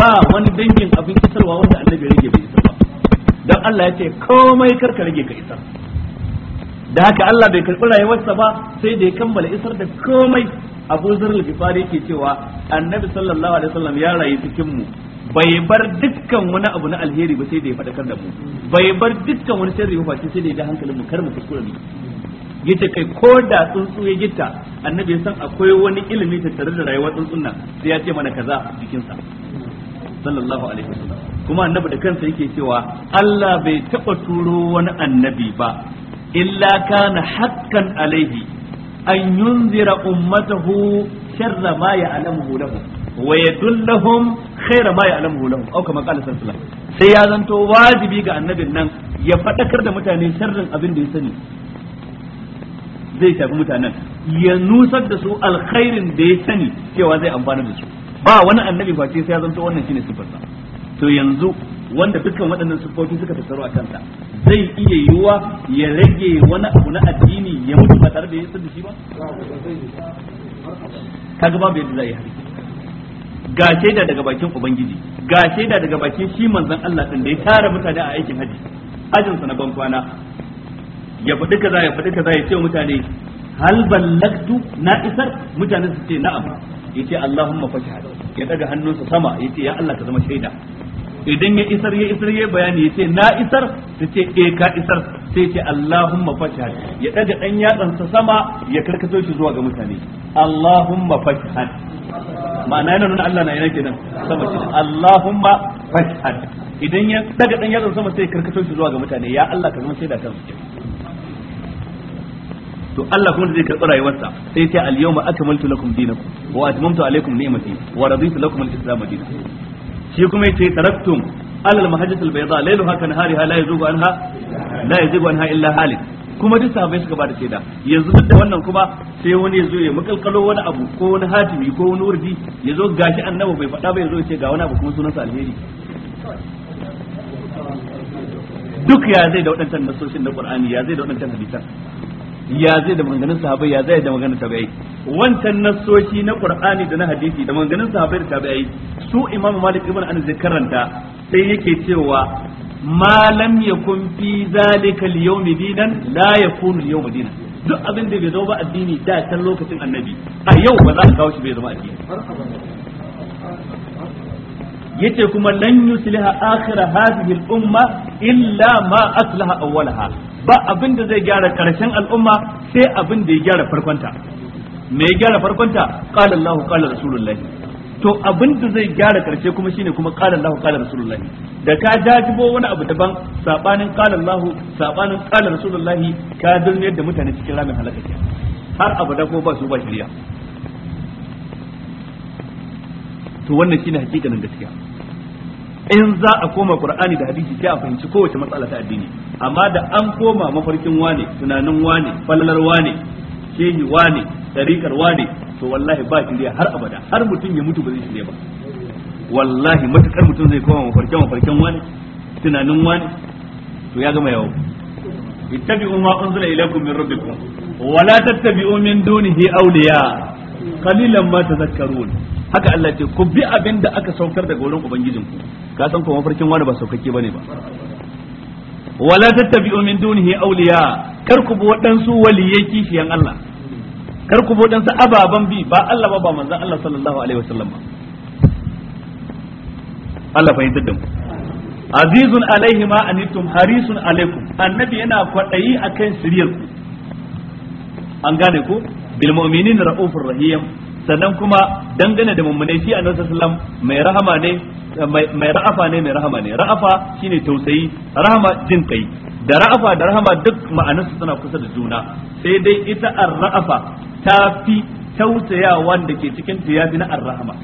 ba wani dangin abin isarwa wanda annabi rage bai isar ba dan Allah yace komai kar ka rage ka isar da haka Allah bai karɓi rayuwarsa ba sai da ya kammala isar da komai Abu Zar da yake cewa Annabi sallallahu alaihi wasallam ya rayu cikin mu bai bar dukkan wani abu na alheri ba sai da ya faɗakar da mu bai bar dukkan wani sirri ba sai da ya da hankalin mu kar mu kuskure mu yace kai ko da tsuntsu ya gitta annabi ya san akwai wani ilimi tattare da rayuwar tsuntsun nan sai ya ce mana kaza sa sallallahu alaihi wasallam kuma annabi da kansa yake cewa Allah bai taba turo wani annabi ba illa kana hakkan alaihi an yunzira ummatahu sharra ma ya'lamuhu lahu wa yadullahum khayra ma ya'lamuhu lahum aw kama qala sallallahu alaihi wasallam sai ya zanto wajibi ga annabin nan ya faɗakar da mutane sharrin abin da ya sani zai shafi mutanen ya nusar da su alkhairin da ya sani cewa zai amfana da su ba wani annabi ba ce sai ya zanto wannan shine sifarsa to yanzu wanda dukkan waɗannan sifofi suka tattaro a kanta zai iya yiwuwa ya rage wani abu na addini ya mutu ba tare da ya sani shi ba kaga babu yadda za a yi ga shaida daga bakin ubangiji ga shaida daga bakin shi manzon Allah din da ya tara mutane a aikin haji ajin sa na ban kwana ya faɗi kaza ya faɗi kaza ya ce mutane hal ballagtu na isar mutane su ce na'am yace Allahumma fashhad ya daga hannunsa sama yace ya Allah ka zama shaida idan ya isar ya isar ya bayani ya ce na isar ta ce e ka isar sai ce Allahumma fashhad ya daga dan yatsansa sama ya karkato shi zuwa ga mutane Allahumma fashhad ma'ana yana nuna Allah na yana kenan sama shi Allahumma fashhad idan ya daga dan yatsansa sama sai ya karkato shi zuwa ga mutane ya Allah ka zama shaida kansu to Allah kuma zai karɓi rayuwarsa sai ya ce al-yawma akmaltu lakum dinakum wa atmamtu alaykum ni'mati wa raditu lakum al islamu dinan shi kuma yace taraktum alal mahajjatul bayda lailuha kan hariha la yazugu anha la yazugu anha illa halik kuma duk sahabbai suka bada shaida yanzu duk da wannan kuma sai wani yazo ya makalkalo wani abu ko wani hatimi ko wani wurdi yazo gashi annabi bai faɗa ba yazo ya ce ga wani abu kuma sunansa alheri duk ya zai da waɗancan nasoshin na Qur'ani ya zai da waɗancan hadisan ya zai da maganganun sahabai ya zai da maganganun tabi'ai wancan nassoci na qur'ani da na hadisi da maganganun sahabai da tabi'ai su imamu malik ibn anas zai karanta sai yake cewa ma lam yakun fi zalika al-yawm dinan la yakunu al-yawm dinan duk abin da bai zo ba addini da can lokacin annabi a yau ba za ka kawo shi bai zama addini yace kuma lan yusliha akhira hadhihi al-umma illa ma aslaha awwalaha ba abin da zai gyara karshen al'umma sai abin da ya gyara farkonta me ya gyara farkonta qala Allah qala rasulullah to abin da zai gyara karshe kuma shine kuma qala Allah qala rasulullah da ka jajibo wani abu daban sabanin qala Allah sabanin qala rasulullah ka dulmiyar da mutane cikin ramin halaka har abada ko ba su ba shari'a to wannan shine hakikanin gaskiya in za a koma qur'ani da hadisi sai a fahimci kowace matsala ta addini amma da an koma mafarkin wane tunanin wane fallalar wane shehi wane tarikar wane to wallahi ba shirya har abada har mutum ya mutu ba zai shirya ba wallahi matukar mutum zai koma mafarkin mafarkin wane tunanin wane to ya gama yawo ittabi'u ma unzila ilaykum min rabbikum wa la tattabi'u min dunihi awliya qalilan ma tadhakkarun haka Allah ce ku bi abin da aka saukar daga wurin ubangijinku ka san ko mafarkin wani ba saukake bane ba wala tattabi'u min dunihi awliya kar ku bi wadansu waliyai kishiyan Allah kar ku bi wadansu ababan bi ba Allah ba ba manzon Allah sallallahu alaihi wasallam ba Allah fahimtar da mu azizun alaihi ma Anitum harisun alaikum annabi yana kwadayi akan siriyar ku an gane ko bil mu'minin raufur rahim sannan kuma dangane da mummunai shi annabi sallallahu mai rahama ne mai ra'afa ne mai rahama ne ra'afa shine tausayi rahama jin kai da ra'afa da rahama duk ma'anarsu suna kusa da juna sai dai ita ar-ra'afa ta fi tausayawan da ke cikin ta yafi na ar-rahama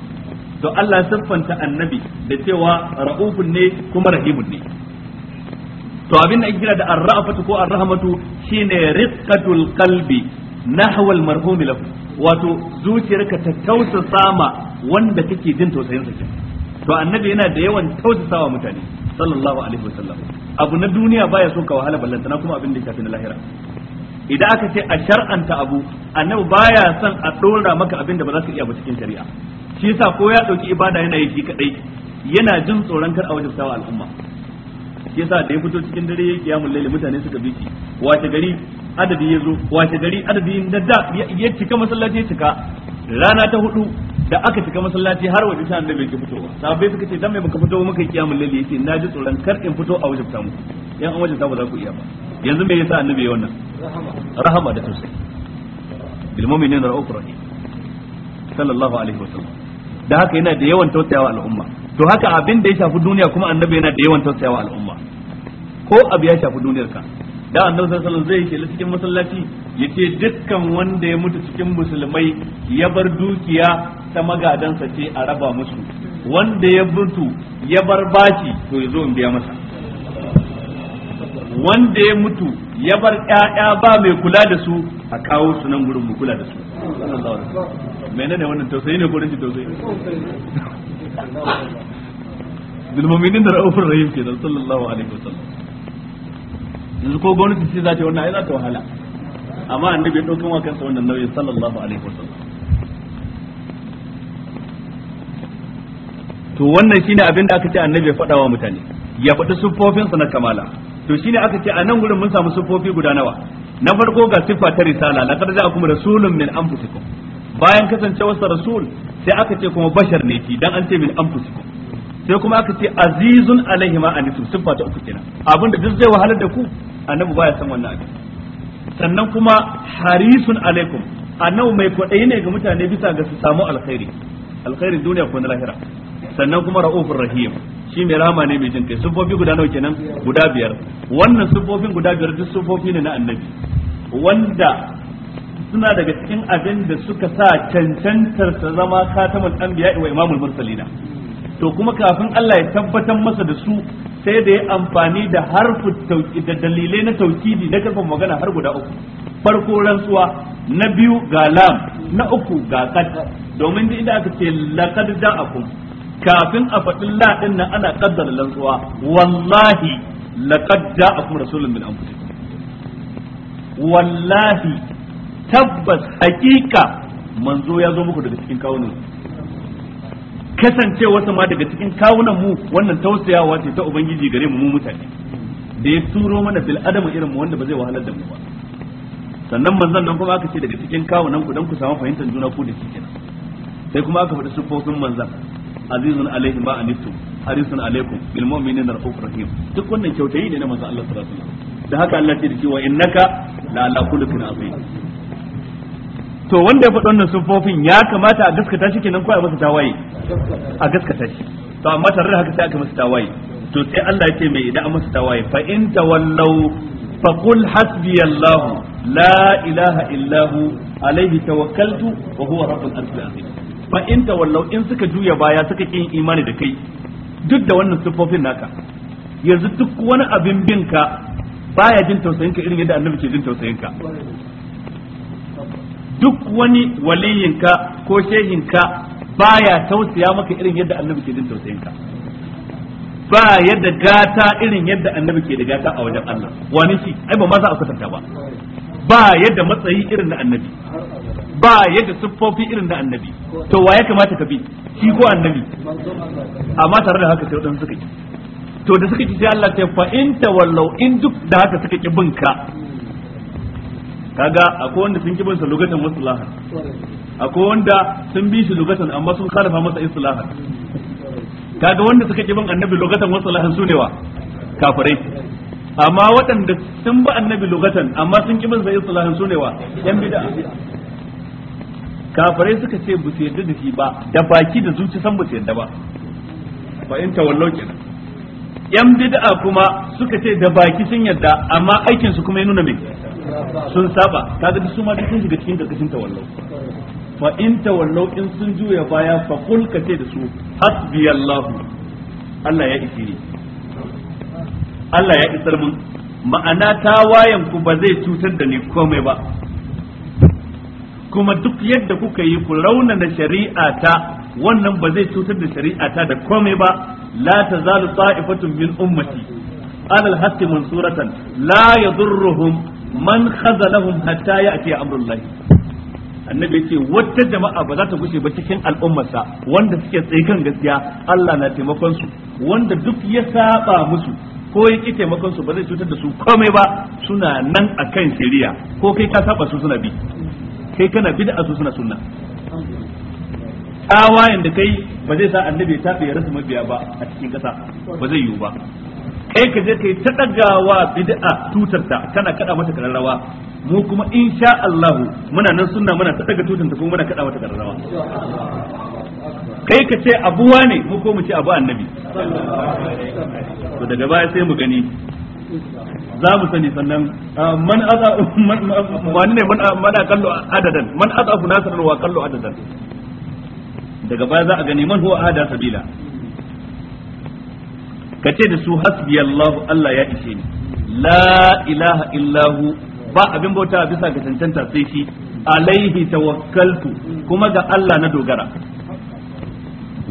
to Allah siffanta annabi da cewa ra'ufun ne kuma rahimun ne to abin da ake kira da ar-ra'afatu ko ar-rahamatu shine riqqatul qalbi nahwal marhumi lahu wato zuciyarka ta tausa ma wanda kake jin tausayin sa to annabi yana da yawan tausa wa mutane sallallahu alaihi wasallam abu na duniya baya so ka wahala ballantana kuma abin da shafi na lahira idan aka ce a shar'anta abu annabi baya son a dora maka abin da ba za ka iya ba cikin shari'a shi yasa ko ya dauki ibada yana yi shi kadai yana jin tsoron kar a wajen sawa al'umma shi yasa da ya fito cikin dare ya kiyamul mutane suka bi shi wace gari adadi ya zo washe gari adadi da da ya cika masallaci ya cika rana ta hudu da aka cika masallaci har waje ta annabi ke fitowa sahabbai suka ce dan mai baka fito muka kiyamul laili yace na ji tsoron kar in fito a wajen tamu yan an wajen ta ba za ku iya ba yanzu me yasa annabi ya wannan rahama da tausayi bil mu'minina ra'ufur rahim sallallahu alaihi wasallam da haka yana da yawan tausayawa al'umma to haka abin da ya shafi duniya kuma annabi yana da yawan tausayawa al'umma ko abu ya shafi duniyar ka da annabi sallallahu alaihi wasallam zai shiga cikin masallaci yace dukkan wanda ya mutu cikin musulmai ya bar dukiya ta magadansa ce a raba musu wanda ya mutu ya bar baci to ya zo in biya masa wanda ya mutu ya bar ƴaƴa ba mai kula da su a kawo su nan gurin mu kula da su menene wannan tausayi ne gurin ji tausayi bil da ra'ufur rahim kenan sallallahu alaihi wasallam yanzu ko gwamnati ce za ta wannan ai za ta wahala amma annabi ya daukan wa kansa wannan nauyi sallallahu alaihi wasallam to wannan shine abin da aka ce annabi ya faɗa wa mutane ya faɗi sa na kamala to shine aka ce a nan gurin mun samu siffofi guda nawa na farko ga siffa ta risala laqad ja'akum rasulun min anfusikum bayan sa rasul sai aka ce kuma bashar ne ki dan an ce min anfusikum sai kuma aka ce azizun alaihi ma anitum siffa ta uku kenan abinda duk zai wahalar da ku annabi baya san wannan abin? sannan kuma harisun alaikum annabi mai kwaɗayi ne ga mutane bisa ga su samu alkhairi alkhairi duniya ko na lahira sannan kuma ra'ufur rahim shi mai rama ne mai jin kai sufofi guda nawa kenan guda biyar wannan sufofin guda biyar duk sufofi ne na annabi wanda suna daga cikin abin da suka sa cancantar ta zama khatamul anbiya'i wa imamul mursalina to kuma kafin Allah ya tabbatar masa da su sai da ya amfani da harfu da dalilai na taukidi na karfin magana har guda uku farko rantsuwa na biyu ga lam na uku ga kad domin da idan aka ce laqad ja'akum kafin a faɗi la din nan ana kaddara rantsuwa wallahi laqad ja'akum rasulun min anfusikum wallahi tabbas hakika manzo ya zo muku daga cikin kawunan wasu ma daga cikin kawunan mu wannan tausayawa ce ta ubangiji gare mu mu mutane da ya turo mana fil adama irin mu wanda ba zai wahalar da mu ba sannan manzon nan kuma aka ce daga cikin kawunan ku dan ku samu fahimtar juna ku da cikin sai kuma aka faɗi sufofin manzon azizun alaihim ba anitu harisun alaikum bil mu'minin raufur rahim duk wannan kyautayi ne na manzon Allah sallallahu alaihi wasallam da haka Allah ya ce wa innaka la ala kulli azim to wanda ya faɗi wannan sufofin ya kamata a gaskata shi kenan ko a masa tawaye a gaskata shi to amma tare da haka sai aka masa tawaye to sai Allah ya ce mai idan an masa tawaye fa in tawallau fa qul hasbiyallahu la ilaha illahu alayhi tawakkaltu wa huwa rabbul arshil azim fa in tawallau in suka juya baya suka kin imani da kai duk da wannan sufofin naka yanzu duk wani abin binka baya jin tausayin ka irin yadda annabi ke jin tausayin ka duk wani waliyinka ko shehinka baya tausaya maka irin yadda annabi ke jin tausayinka ba yadda gata irin yadda annabi ke da gata a wajen Allah wani shi ai ba ma za a kwatanta ba ba yadda matsayi irin na annabi ba yadda siffofi irin na annabi to wa ya kamata ka bi shi ko annabi amma tare da haka sai wadansu suka yi. to da suka ki sai Allah ta fa in tawallau in duk da haka suka ki binka kaga akwai wanda sun kibinsa lugatan maslaha akwai wanda sun bi shi lugatan amma sun khalafa masa islaha kaga wanda suka kibin annabi lugatan su sune wa kafirai amma waɗanda sun bi annabi lugatan amma sun kibinsa su sune wa yan bid'a kafirai suka ce bu su yadda da shi ba da baki da zuci san bu su yadda ba fa in tawallau kenan yan bid'a kuma suka ce da baki sun yarda amma aikin su kuma ya nuna mai sun saba kaga su ma sun shiga cikin karkashin tawallau fa in tawallau in sun juya baya fa kul ka ce da su hasbiyallahu Allah ya isi ne Allah ya isar mun ma'ana ta wayan ku ba zai cutar da ni komai ba kuma duk yadda kuka yi ku na shari'a ta wannan ba zai cutar da shari'a ta da komai ba la tazalu ta'ifatun min ummati alal haqqi suratan la yadurruhum man khazalahum hatta ya'ti amrullahi annabi yace wata jama'a ba za ta gushe ba cikin al'ummarsa wanda suke tsaye kan gaskiya Allah na taimakon su wanda duk ya saba musu ko ya ki taimakon su ba zai cutar da su komai ba suna nan akan shari'a ko kai ka saba su suna bi kai kana bid'a su suna sunna tawayen da kai ba zai sa annabi ya ta ya rasa mabiya ba a cikin kasa ba zai yiwu ba kai ka je kai ta dagawa bid'a tutarta kana kada mata kararrawa mu kuma insha Allah muna nan sunna muna ta daga ta kuma muna kada mata kararrawa kai ka ce abuwa ne mu ko mu ce abu annabi to daga baya sai mu gani za mu sani sannan ah, man aza man ne man kallo adadan man aza fu nasarar wa kallo adadan daga baya za a gani man huwa ada sabila ka ce da su hasbi Allah Allah ya ishe ni la ilaha illahu ba abin bauta bisa ga cancanta sai shi alaihi tawakkaltu kuma ga Allah na dogara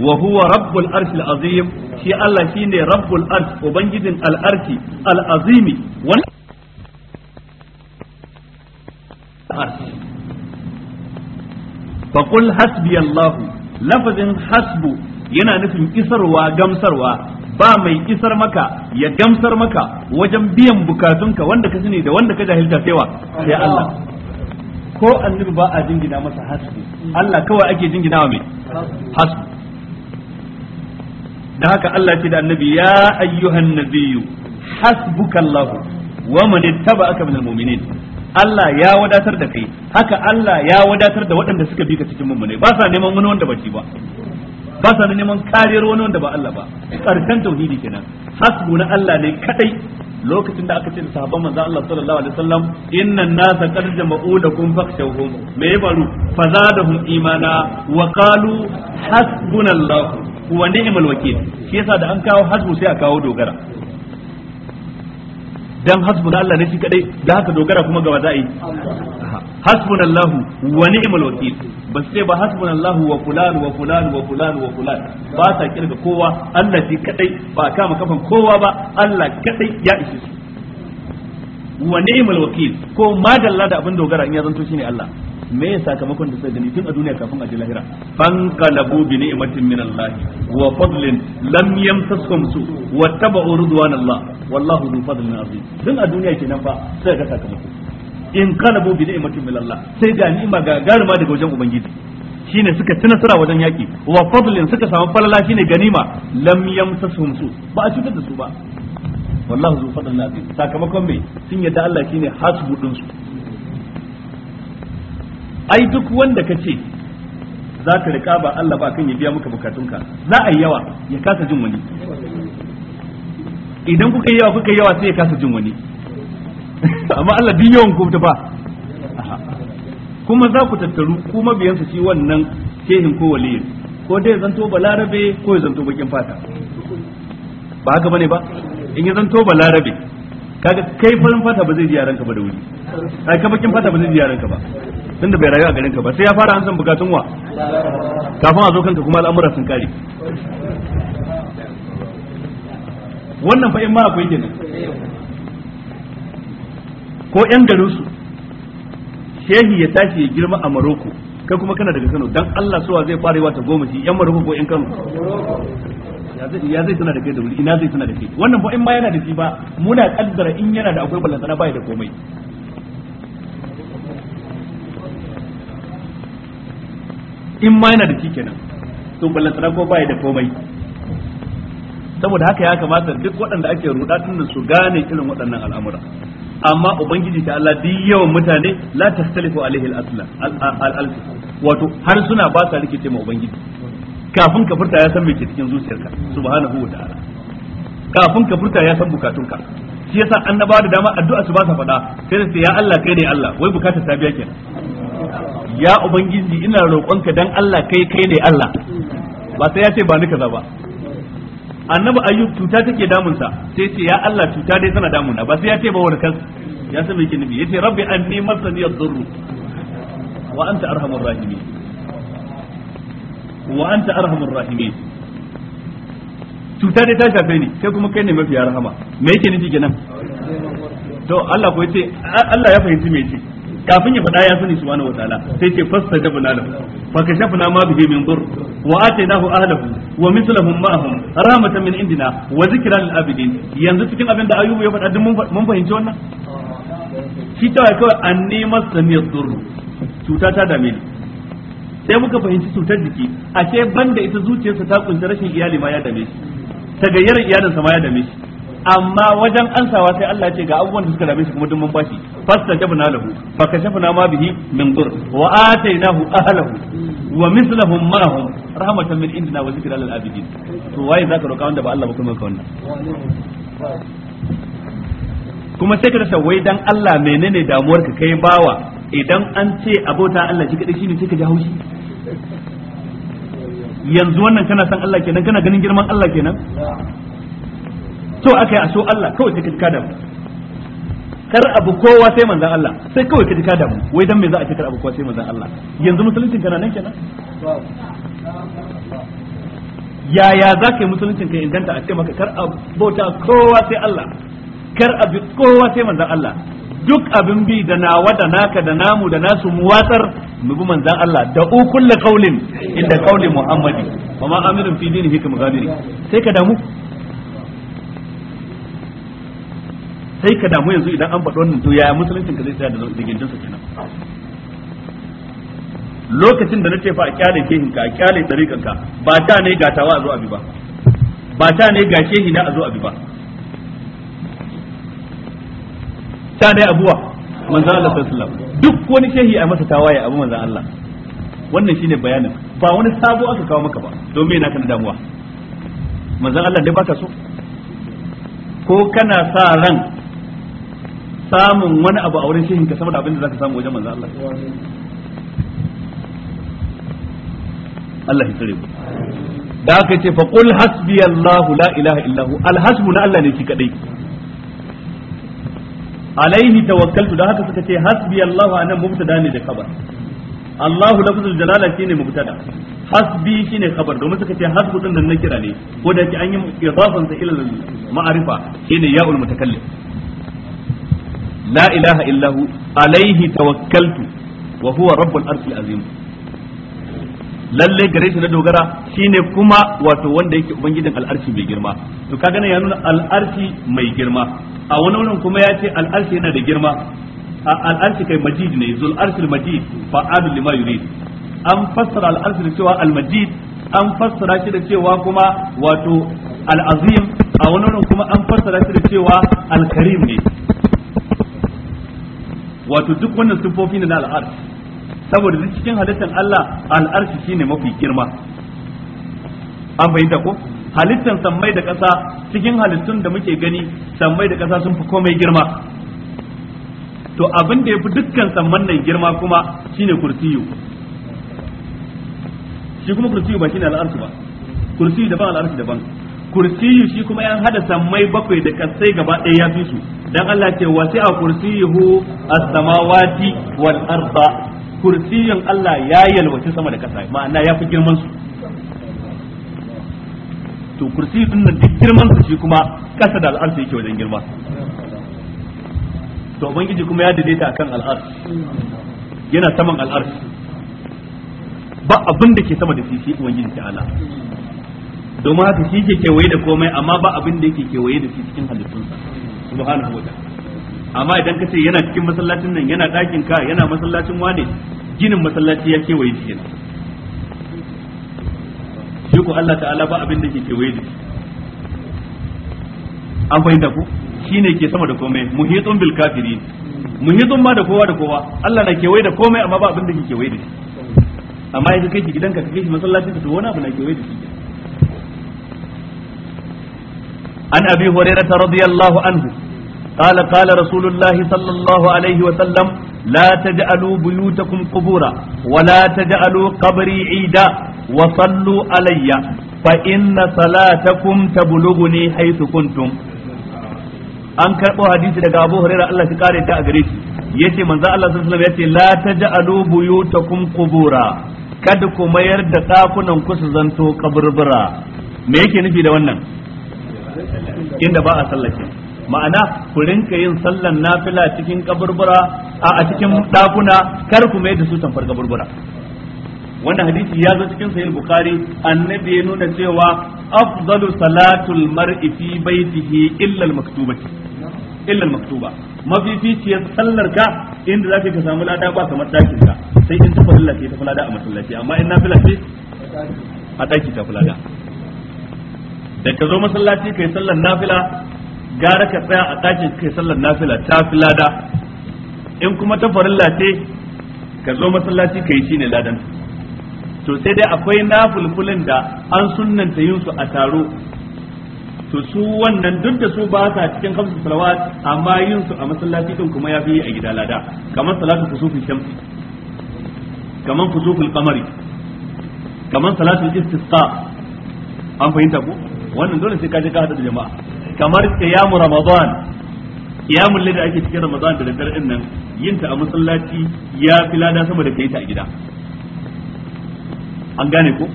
wa huwa rabbul arshil azim shi Allah shine rabbul arsh ubangijin al arshi al azimi wani فقل حسبي الله لفظ حسب yana nufin isarwa gamsarwa ba mai isar maka ya gamsar maka wajen biyan bukatunka wanda ka sani da wanda ka jahilta cewa sai Allah ko annabi ba a jingina masa hasbi Allah kawai ake jinginawa mai hasbi da haka Allah ce da annabi ya ayyuhan nabiyyu hasbukallahu wa man ittaba'aka minal mu'minin Allah ya wadatar da kai haka Allah ya wadatar da waɗanda suka bi ka cikin mummune ba sa neman wani wanda ba ba ba sa neman kariyar wani wanda ba Allah ba karshen tauhidi kenan hasbu na Allah ne kadai lokacin da aka ce da sahabban manzon Allah sallallahu alaihi wasallam innan nasa qad jama'u lakum fakhshawhum me ya faru fazadahum imana wa qalu hasbunallahu wa ni'mal wakeel shi yasa da an kawo hasbu sai a kawo dogara dan hasbuna Allah ne shi kadai da haka dogara kuma ga wazai hasbuna Allah wa ni'mal wakil ba sai ba hasbuna Allah wa fulan wa fulan wa fulan wa fulan ba ta kirga kowa Allah shi kadai ba kama kafan kowa ba Allah kadai ya ishe wa ni'mal wakil ko madalla da abin dogara in ya zanto shine Allah me ya sakamakon da suka gani tun a duniya kafin a ji lahira fanqalabu bi ni'matin min Allah wa fadlin lam yamsaskum su wa tabu ridwan Allah wallahu dhu fadlin azim tun a duniya kenan fa sai ga sakamako in qalabu bi ni'matin min Allah sai ga ni'ima ga garma daga wajen ubangiji shine suka ci nasara wajen yaki wa fadlin suka samu falala shine ganima lam yamsasum su ba a cutar da su ba wallahu zu fadlan nabi sakamakon me sun yadda Allah shine hasbu din su ai duk wanda kace za ka riƙa ba Allah ba kan ya biya maka bukatunka za a yi yawa ya kasa jin wani idan kuka yi yawa kuka yi yawa sai ya kasa jin wani amma Allah din yawan ku ta ba kuma za ku tattaru kuma biyan su shi wannan shehin ko waliyin ko dai zanto balarabe ko ya zanto bakin fata ba haka bane ba in ya zanto larabe kaga kai farin fata ba zai ji yaranka ba da wuri ai ka bakin fata ba zai ji yaranka ba tunda bai rayu a garin ka ba sai ya fara an san bukatun wa kafin a zo kanka kuma al'amura sun kare wannan fa in ma akwai kenan ko yan garin su shehi ya tashi ya girma a Maroko kai kuma kana daga Kano dan Allah suwa zai fara yi wata goma shi yan Maroko ko yan Kano ya zai tana da kai da wuri ina zai tana da kai wannan fa in ma yana da shi ba muna kaddara in yana da akwai ballantana bai da komai in ma yana da shi kenan to ballantana ko bai da komai saboda haka ya kamata duk waɗanda ake ruɗa tunan su gane irin waɗannan al'amura amma ubangiji ta Allah duk yawan mutane la tastalifu alaihi al-asla al wato har suna ba sa rikice ma ubangiji kafin ka furta ya san me ke cikin zuciyarka subhanahu wa ta'ala kafin ka furta ya san bukatunka shi yasa annaba da dama addu'a su ba sa faɗa sai sai ya Allah kai ne Allah wai bukatar ta biya kenan ya ubangiji ina roƙonka dan Allah kai kai ne Allah ba sai ya ce ba ni kaza ba annabi ayyub cuta take damunsa sai ce ya Allah cuta dai tana damuna ba sai ya ce ba wani kan ya san me yake nufi yace rabbi anni masani yadurru wa anta arhamur rahimin wa anta arhamur rahimin cuta dai ta shafe ni sai kuma kai ne mafi rahama me yake nufi kenan to Allah ko yace Allah ya fahimci me yace kafin ya faɗa ya sani subhanahu wataala sai ce fastajabna lahu fa kashafna ma bihi min dur wa atainahu ahlahu wa ma'ahum rahmatan min indina wa lil abidin yanzu cikin abin da ayyubu ya faɗa din mun fahimci wannan shi ta dur cuta ta dame ni sai muka fahimci cutar jiki a ce banda ita zuciyarsa ta kunshi rashin iyali ma ya dame shi ta gayyarar iyalinsa ma ya dame shi amma wajen ansawa sai Allah ce ga abubuwan da suka dame shi kuma dun mun bashi jabna lahu fa kashafna ma bihi min dur wa atainahu ahlahu wa mithluhum ma'ahum rahmatan min indina wa zikra lil abidin to waye zaka roka wanda ba Allah ba kuma ka wannan kuma sai ka rasa wai dan Allah menene damuwar ka kai bawa idan an ce abota Allah shi kadai shine sai ka ji haushi yanzu wannan kana san Allah kenan kana ganin girman Allah kenan to aka yi a so Allah kawai sai da mu kar abu kowa sai manzan Allah sai kawai ka da mu wai dan me za a ce kar abu kowa sai manzan Allah yanzu musuluncin kana nan kenan yaya za ka yi musuluncin ka inganta a ce maka kar a bauta kowa sai Allah kar a bi kowa sai manzan Allah duk abin bi da nawa da naka da namu da nasu mu watsar mu bi Allah da u kullu qaulin inda qauli muhammadi wa ma amirun fi dinihi kama gabiri sai ka damu sai ka damu yanzu idan an faɗo wannan to yaya musulunci ka zai tsaya da gindinsa kenan lokacin da na ce fa a kyale kehin ka a kyale tsarikan ka ba ta ne gatawa a zo abi ba ba ta ne ga hina a zo abi ba sha dai abuwa manzon Allah sallallahu alaihi wasallam duk wani shehi a masa tawaye abu manzon Allah wannan shine bayanin ba wani sabo aka kawo maka ba don me damuwa manzon Allah dai baka so ko kana sa ran samun wani abu a wurin shehin ka sama abin da zaka samu wajen Allah Allah ya tsare da aka ce fa qul hasbi la ilaha al na Allah ne shi kadai alaihi tawakkaltu da haka suka ce hasbi Allahu anan mubtada ne da kabar Allahu lafzul jalala shine mubtada hasbi shine khabar domin suka ce hasbu din nan na kira ne ko da ke an yi idafan sa ila ma'arifa shine ya'ul mutakallim la ilaha illahu alaihi tawakkaltu wa huwa rabbul arshil azim lalle gare shi na dogara shine kuma wato wanda yake ubangijin al'arshi mai girma to kaga gane ya nuna al'arshi mai girma a wani wurin kuma ya ce al'arshi yana da girma A al'arshi kai majid ne zul arshil majid adu lima yurid an fassara al'arshi da cewa al-majid an fassara shi da cewa kuma wato al-azim a wani wurin kuma an fassara shi da cewa al-karim ne wato duk wannan sifofi ne na al'arshi saboda duk cikin halittar Allah al'arshi shine mafi girma an fahimta ko halittar sammai da ƙasa cikin halittun da muke gani sammai da ƙasa sun fi komai girma to abin da ya fi dukkan samman nan girma kuma shine kursiyu shi kuma kursiyu ba shine al'arshi ba kursiyu daban al'arshi daban kursiyu shi kuma yan hada sammai bakwai da kasai gaba ɗaya ya fi su dan Allah ce wasi'a kursiyuhu as-samawati wal arda kursiyin Allah ya yalwace sama da kasa ma'ana ya fi girman su to kursi din nan duk girman su shi kuma kasa da al'arsu yake wajen girma to ubangiji kuma ya daidaita akan al'ars yana saman al'ars ba abin da ke sama da shi ubangiji ta ala domin haka shi ke kewaye da komai amma ba abin da yake kewaye da shi cikin halittunsa subhanahu wa ta'ala amma idan ka ce yana cikin masallacin nan yana ɗakin ka yana masallacin wane ginin masallaci ya kewaye jikin shi ko Allah ta'ala ba abin da ke kewaye da an fahimta ku shine ke sama da komai muhitsun bil kafiri muhitsun ma da kowa da kowa Allah na kewaye da komai amma ba abin da ke kewaye da shi amma idan kai gidan ka kai shi masallacin ka to wani abu na kewaye da shi an abi hurairah radiyallahu anhu قال قال رسول الله صلى الله عليه وسلم لا تجعلوا بيوتكم قبورا ولا تجعلوا قبري عيدا وصلوا علي فإن صلاتكم تبلغني حيث كنتم an karɓo hadisi daga Abu Hurairah Allah shi kare ta a gare shi yace manzo Allah sallallahu alaihi wasallam yace la taj'alu buyutakum qubura kada ku mayar da dakunan ku su zanto kaburbura me yake nufi da wannan inda ba a sallace ma'ana ku rinka yin sallan nafila cikin kaburbura a cikin dakuna kar ku mai da su tamfar kaburbura wannan hadisi ya zo cikin sahih bukhari annabi ya nuna cewa afdalu salatul mar'i fi baitihi illa al maktubati illa al maktuba mafificiyar sallar ka inda zaka ka samu lada ba kamar dakin ka sai in ta lada ke ta da a masallaci amma in nafila ce a daki ta fulada da ka zo masallaci kai sallar nafila gara ka tsaya a ɗakin kai sallar nafila ta fi lada in kuma ta farin ce ka zo masallaci ka yi shine ladan to sai dai akwai nafulfulin da an sunnanta yin su a taro to su wannan duk da su ba sa cikin kamsu salawat amma yin su a masallaci din kuma ya fi a gida lada kamar salatu kusufin shamsi kamar kusufin kamari kamar salatu istisqa an fahimta ko wannan dole sai ka je ka hada da jama'a kamar qiyamu ramadan qiyamul da ake cikin ramadan da dare din nan yin ta a masallaci ya fi lada sama da kai ta a gida an gane ko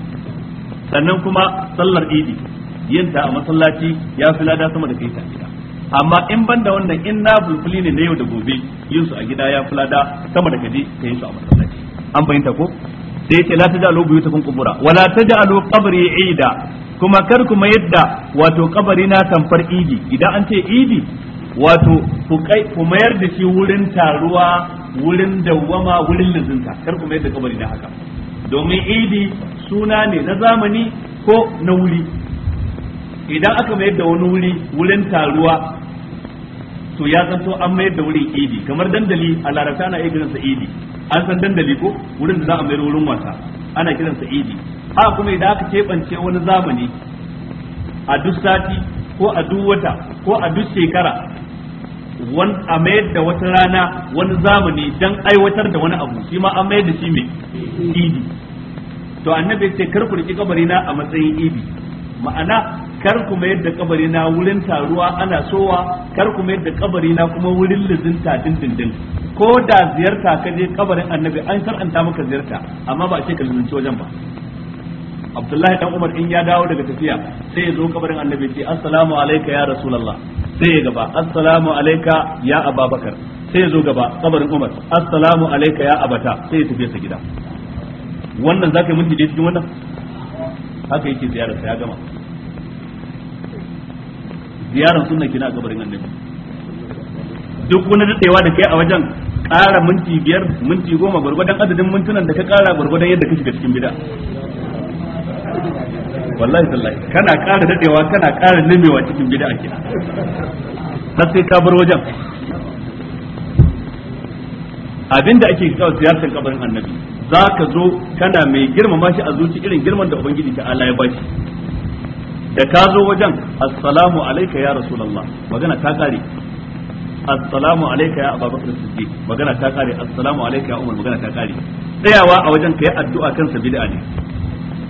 sannan kuma sallar idi yin ta a masallaci ya fi lada sama da kai ta a gida amma in ban da wannan in na bulbuli ne na yau da gobe yin su a gida ya fi lada sama da kaje ka yi su a masallaci an bayyanta ko da yake la taj'alu buyutakum qubura wa la taj'alu qabri ida kuma kar ku mayar da wato kabari na tamfar idi idan an ce idi wato ku mayar da shi wurin taruwa wurin dawwama wurin lizinta kar ku mayar da kabari na haka domin idi suna ne na zamani ko na wuri idan aka mayar da wani wuri wurin taruwa to ya zanto an mayar da wurin idi kamar dandali a larabta ana iya kiransa idi an san dandali ko wurin da za a mayar wurin wasa ana kiransa idi haka kuma idan aka keɓance wani zamani a duk sati ko a duk wata ko a duk shekara a mayar da wata rana wani zamani don aiwatar da wani abu shi ma an mayar da shi mai idi to annabi ce kar ku riki kabari a matsayin idi ma'ana kar ku mayar da kabari na wurin taruwa ana sowa kar ku mayar da kabari na kuma wurin lizinta dindindin ko da ziyarta ka je kabarin annabi an shar'anta maka ziyarta amma ba a ce ka lizinci wajen ba abdullahi dan umar in ya dawo daga tafiya sai ya zo kabarin annabi ce assalamu alayka ya rasulullah sai ya gaba assalamu alayka ya ababakar sai ya zo gaba kabarin umar assalamu alayka ya abata sai ya tafi sa gida wannan zaka yi minti da cikin wannan haka yake ziyarar sa ya gama ziyarar sunna kina kabarin annabi duk wani dadewa da kai a wajen ƙara minti biyar minti goma gwargwadon adadin mintunan da ka ƙara gwargwadon yadda ka shiga cikin bida wallahi sallahi kana ƙara dadewa kana ƙara nemewa cikin bid'a ke. Na sai ka bar wajen abinda ake kawo ziyartar kabarin annabi za ka zo kana mai girmama shi a zuci irin girman da ubangiji ta Allah ya shi da ka zo wajen assalamu alayka ya rasulullah magana ta kare assalamu alayka ya abubakar siddiq magana ta kare assalamu alayka ya umar magana ta kare tsayawa a wajen kai addu'a kansa bid'a ne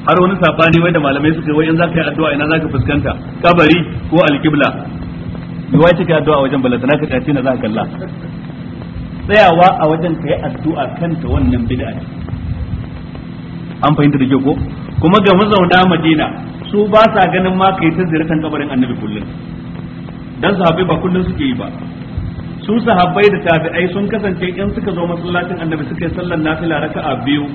har wani sabani wai da malamai suka wai in zaka yi addu'a ina zaka fuskanta kabari ko alqibla yiwa take addu'a wajen balata naka tace na zaka kalla tsayawa a wajen kai addu'a kanta wannan bid'a ce an fahimta da ko kuma ga mazauna Madina su ba sa ganin ma kai ta ziyartar kabarin Annabi kullun dan sahabbai ba kullun suke yi ba su sahabbai da tabi'ai sun kasance in suka zo masallacin Annabi suka yi sallar nafila raka'a biyu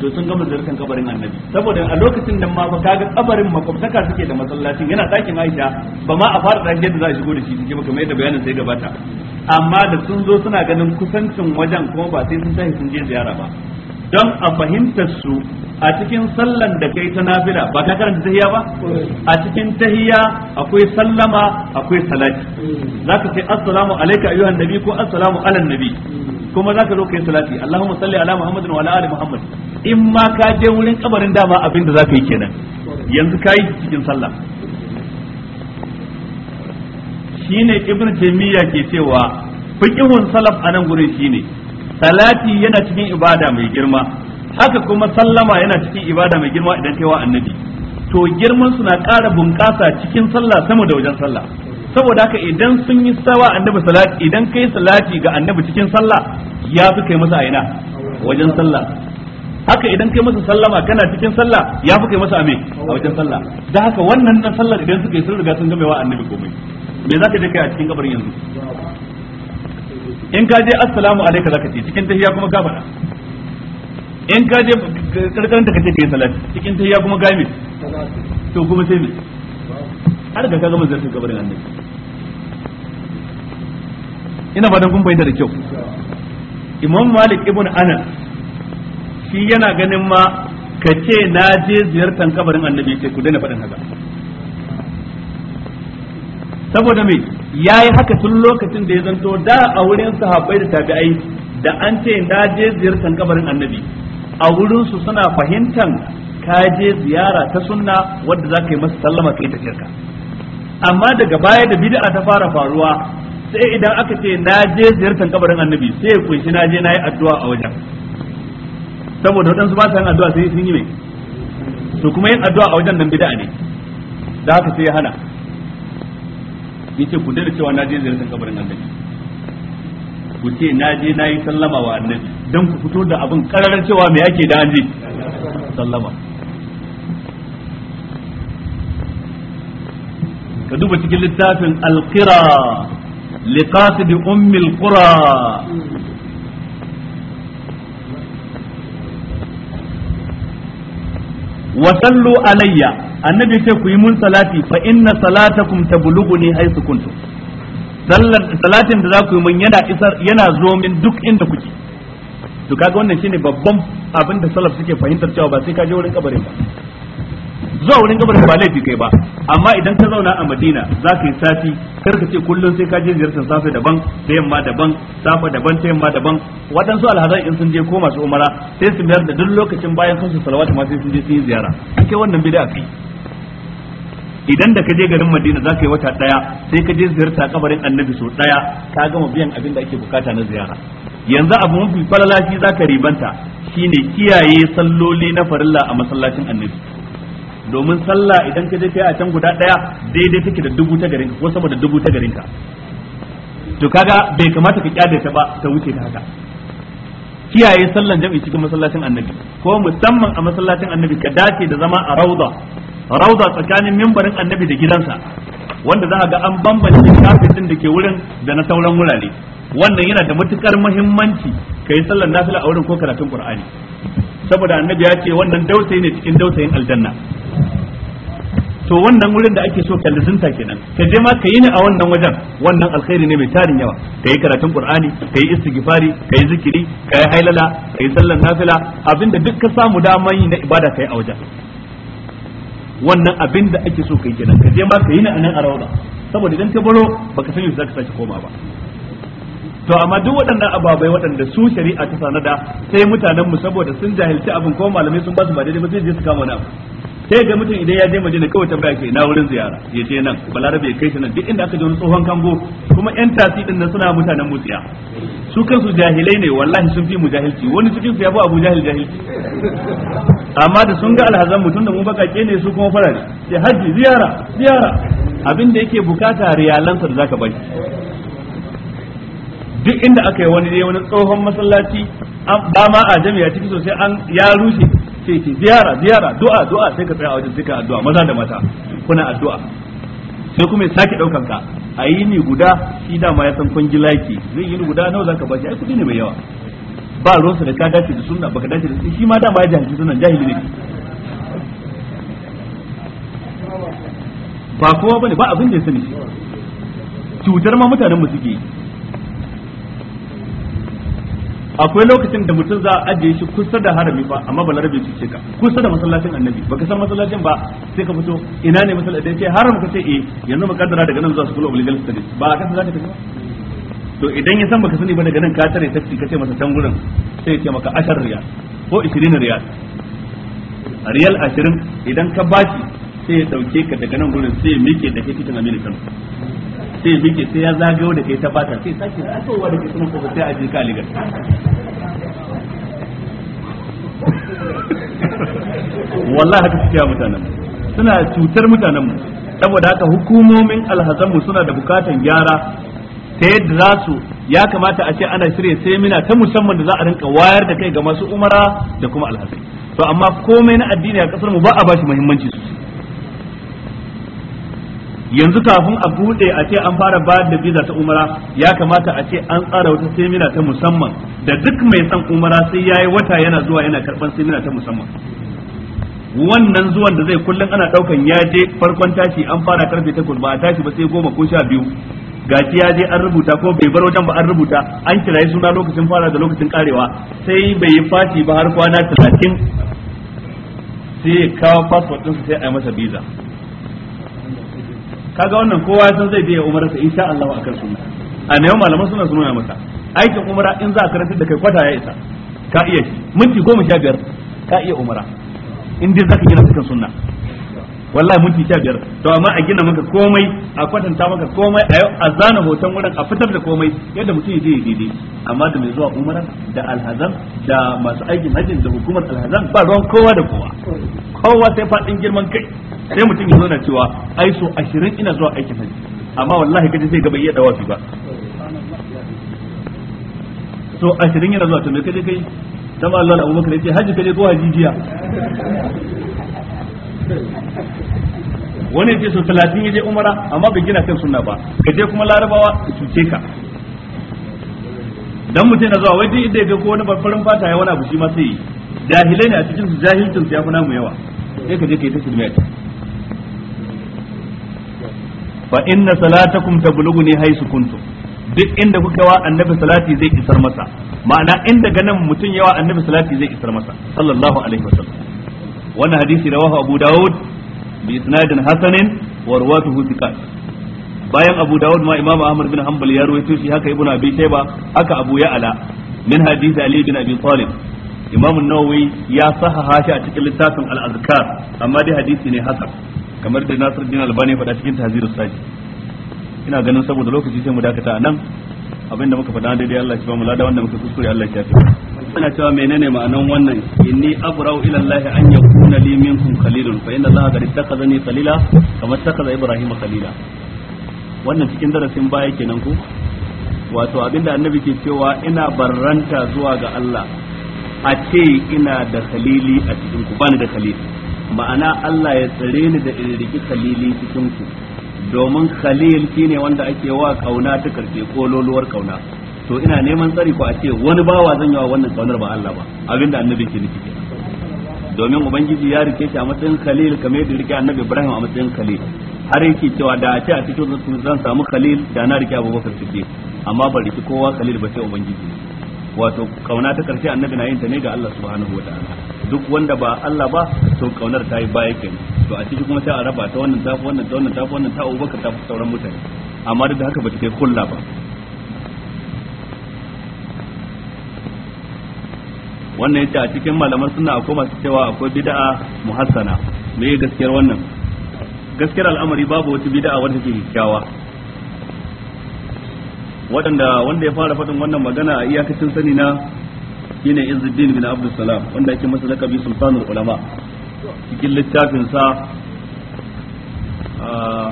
to sun gama ziyartar kabarin annabi saboda a lokacin da ma ka ga kabarin makwabtaka suke da masallacin yana ɗakin Aisha ba ma a fara ɗakin da za a shigo da shi ciki ba kamar yadda bayanin sai gabata amma da sun zo suna ganin kusancin wajen kuma ba sai sun tashi sun je ziyara ba don a fahimtar su a cikin sallan da kai ta nafila ba ka karanta tahiya ba a cikin tahiya akwai sallama akwai salati zaka ce assalamu alayka ayyuhan nabi ko assalamu alan nabi kuma zaka zo kai salati Allahumma salli ala Muhammadin wa ala ali Muhammad in ma ka je wurin kabarin dama abin da zaka yi kenan yanzu kai cikin sallah shine ibnu Jamiya ke cewa fiqhun salaf anan gurin shine salati yana cikin ibada mai girma haka kuma sallama yana cikin ibada mai girma idan kai wa annabi to girman su na ƙara bunƙasa cikin sallah sama da wajen sallah saboda haka idan sun yi sawa annabi salati idan kai salati ga annabi cikin sallah ya fi kai masa aina wajen sallah haka idan kai masa sallama kana cikin sallah ya fi kai masa ame a wajen sallah da haka wannan dan sallar idan suka yi sun riga sun wa annabi komai me za ka je kai a cikin kabarin yanzu in ka je assalamu alaikum zaka ce cikin tahiyya kuma ka faɗa in ka je karkarin ta kace kai salati cikin tahiyya kuma ga me to kuma sai me har ga ka gama zartin kabarin annabi ina ba kun bayyana da kyau imam malik ibn anas shi yana ganin ma ka ce na je ziyartar kabarin annabi ce ku daina faɗin haka saboda me ya yi haka tun lokacin da ya zanto da a wurin sahabbai da tabi'ai da an ce na je ziyartar kabarin annabi a wurinsu suna fahimtan ka je ziyara ta sunna wadda za ka masa sallama ka yi tafiyarka amma daga baya da bid'a ta fara faruwa sai idan aka ce na je ziyartar kabarin annabi sai ya kunshi na je na yi addu'a a wajen saboda waɗansu ba sa yin addu'a sai sun yi mai to kuma yin addu'a a wajen nan bid'a ne da haka sai ya hana ce ku da cewa na je ziyartar kabarin annabi ku ce na je na yi sallama wa annabi don ku fito da abin kararar cewa me ake da an je sallama ka duba cikin littafin alkira liqasid ummil qura wa sallu alayya annabi ce ku yi mun salati fa inna salatakum tablughuni haythu kuntum salatin da za ku yi mun yana isar yana zo min duk inda kuke to kaga wannan shine babban abin da salaf suke fahimtar cewa ba sai ka je wurin kabarin ba zuwa wurin gabar ba laifi kai ba amma idan ka zauna a madina za ka yi sati kar ka ce kullum sai ka je ziyartar safe daban da yamma daban safa daban ta yamma daban waɗansu alhazan in sun je ko masu umara sai su mayar da duk lokacin bayan sun su salawatu ma sai sun je sun yi ziyara ake wannan bid'a kai idan da ka je garin Madina za ka yi wata ɗaya sai ka je ziyarta kabarin Annabi so ɗaya ka gama biyan abin da ake bukata na ziyara yanzu abu mafi falalashi za ka ribanta shine kiyaye salloli na farilla a masallacin Annabi domin sallah idan ka je kai a can guda ɗaya, daidai take da dubu ta garinka ko sama da dubu ta garinka to kaga bai kamata ka kyade ta ba ta wuce ta haka kiyaye sallan jam'i cikin masallacin annabi ko musamman a masallacin annabi ka dace da zama a rauda rauda tsakanin mimbarin annabi da gidansa wanda za a ga an bambance kafin din da ke wurin da na sauran wurare wannan yana da matukar muhimmanci ka yi sallan nafila a wurin ko karatun qur'ani saboda annabi ya ce wannan dausayi ne cikin dausayin aljanna to wannan wurin da ake so ka lizinta kenan ka je ma ka yi ni a wannan wajen wannan alkhairi ne mai tarin yawa ka yi karatun qur'ani ka yi istighfari ka yi zikiri ka yi hailala ka yi sallar nafila abinda duk ka samu da yi na ibada ka yi a wajen wannan abinda ake so kai kenan ka je ma ka yi ni a nan a rawa saboda idan ka baro baka sani za ka sake koma ba to amma duk waɗannan ababai waɗanda su shari'a ta sanada sai mutanen mu saboda sun jahilci abin ko malamai sun ba su ba daidai ba sai je su kama wani abu sai ga mutum idan ya je madina kawai tambaya ke na wurin ziyara ya je nan balarabe ya kai shi nan duk inda aka je wani tsohon kango kuma yan tasi din nan suna mutanen mutsiya su kansu jahilai ne wallahi sun fi mu jahilci wani cikin su ya fi abu jahil jahilci amma da sun ga alhazan mutum da mu bakake ne su kuma farare sai hajji ziyara ziyara abin da yake bukata riyalansa da zaka bai duk inda aka yi wani wani tsohon masallaci ba ma a jami'a ciki sosai an ya rushe ce ce ziyara ziyara du'a du'a sai ka tsaya a wajen zika addu'a maza da mata kuna addu'a sai kuma ya sake ɗaukan ka a yi ni guda shi dama ya san kwangila laiki zai yi ni guda nawa zaka shi ai kudi ne mai yawa ba ruwansa da ka dace da sunna baka dace da sunna shi ma dama ya jahilci sunan jahili ne ba kowa bane ba abin da ya sani shi cutar ma mutanen mu suke yi akwai lokacin da mutum za a ajiye shi kusa da harami fa amma larabe su ce ka kusa da masallacin annabi baka san masallacin ba sai ka fito ina ne masallacin ce haram ka ce eh yanzu mu kaddara daga nan za su kula obligal study ba a kasa za ka tafi to idan ya san baka sani ba daga nan ka tare taxi ka ce masa can gurin sai ya ce maka ashar riyal ko 20 riyal riyal 20 idan ka bashi sai ya dauke ka daga nan gurin sai ya mike da kai titin Aminu sai ya sai ya zagayo da kai ta bata sai sake zagayowa da kai sunan kofar sai a je ka ligar wallahi haka suke mutanen suna cutar mutanen mu saboda haka hukumomin alhazan mu suna da bukatan gyara ta yadda za su ya kamata a ce ana shirya semina ta musamman da za a rinka wayar da kai ga masu umara da kuma alhazan to amma komai na addini a kasar mu ba a bashi muhimmanci sosai yanzu kafin a bude a ce an fara bayar da visa ta umara ya kamata a ce an tsara wata semina ta musamman da duk mai son umara sai yayi wata yana zuwa yana karban semina ta musamman wannan zuwan da zai kullum ana daukan ya je farkon tashi an fara karfe takwas ba a tashi ba sai goma ko sha biyu gashi ya je an rubuta ko bai bar wajen ba an rubuta an kirayi suna lokacin fara da lokacin karewa sai bai yi fati ba har kwana talatin sai ya kawo fasfotin sai a yi masa biza kaga wannan kowa ya san zai biya sa insha Allah akan sunna a ne malaman suna sun nuna maka aikin umara in za a rasa da kai kwata ya isa ka iya shi minti goma sha biyar ka iya umara in dai zaka gina cikin sunna wallahi minti sha biyar to amma a gina maka komai a kwatanta maka komai a yau a zana hoton wurin a fitar da komai yadda mutum ya je ya daidai amma da mai zuwa umara da alhazan da masu aikin hajjin da hukumar alhazan ba ruwan kowa da kowa kowa sai fadin girman kai sai mutum ya zauna cewa ai so ashirin ina zuwa aikin hajji amma wallahi kaje sai gaba iya dawafi ba so ashirin yana zuwa to me kaje kai sama Allah Abubakar ya ce hajji kaje ko jiya. wani ya ce sau talatin ya je umara amma bai gina kan sunna ba ka je kuma larabawa su cuce ka dan mutum na zuwa wai duk inda ya ga ko wani farin fata ya wani abu shi ma sai yi jahilai ne a cikin su jahilcin su ya fi namu yawa sai ka je ka yi ta shirme fa inna salatakum tablughuni haisu kuntum duk inda kuka wa annabi salati zai isar masa ma'ana inda ganin mutum yawa annabi salati zai isar masa sallallahu alaihi wasallam wannan hadisi rawahu abu Dawud bi isnadin hasanin wa thiqat bayan abu Dawud ma imamu ahmad bin hanbal ya rawaito shi haka ibnu abi shayba haka abu ya'la min hadisi ali bin abi talib Imamu nawawi ya sahaha shi a cikin littafin al-azkar amma dai hadisi ne hasan kamar da nasiruddin albani faɗa cikin tahzirus saji ina ganin saboda lokaci sai mu dakata anan abinda muka faɗa daidai Allah shi ba mu lada wanda muka kuskure Allah ya tafi ana cewa menene ma'anan wannan inni abrau ila Allah an yakuna li minkum khalilun fa inna Allah qad khalila kama ittakhadha Ibrahim khalila wannan cikin darasin baya kenan ku wato abinda annabi ke cewa ina barranta zuwa ga Allah a ce ina da khalili a cikin ku bani da khalili ma'ana Allah ya tsare ni da irriki khalili cikin ku domin khalil shine wanda ake wa kauna ta karfe ko loluwar kauna to ina neman tsari ko a ce wani bawa zan yawa wannan kaunar ba Allah ba abinda annabi ke nufi kenan domin ubangiji ya rike shi a matsayin khalil kamar yadda rike annabi Ibrahim a matsayin khalil har yake cewa da a ce a cikin zuwa zan samu khalil da na rike Abubakar Siddiq amma ba rike kowa khalil ba sai ubangiji wato kauna ta karshe annabi na yin ta ne ga Allah subhanahu ta'ala duk wanda ba Allah ba to kaunar ta yi baya kenan to a ciki kuma sai a raba ta wannan tafi wannan ta wannan tafi wannan ta Abubakar ta sauran mutane amma duk da haka ba ta kai kulla ba wannan yace a cikin malaman sunna akwai masu cewa akwai bid'a muhassana me gaskiyar wannan gaskiyar al'amari babu wata bid'a wanda take kyakkyawa waɗanda wanda ya fara faɗin wannan magana a iyakacin sani na shine Izzuddin bin Abdul Salam wanda ake masa lakabi sultanul ulama cikin littafin sa ah,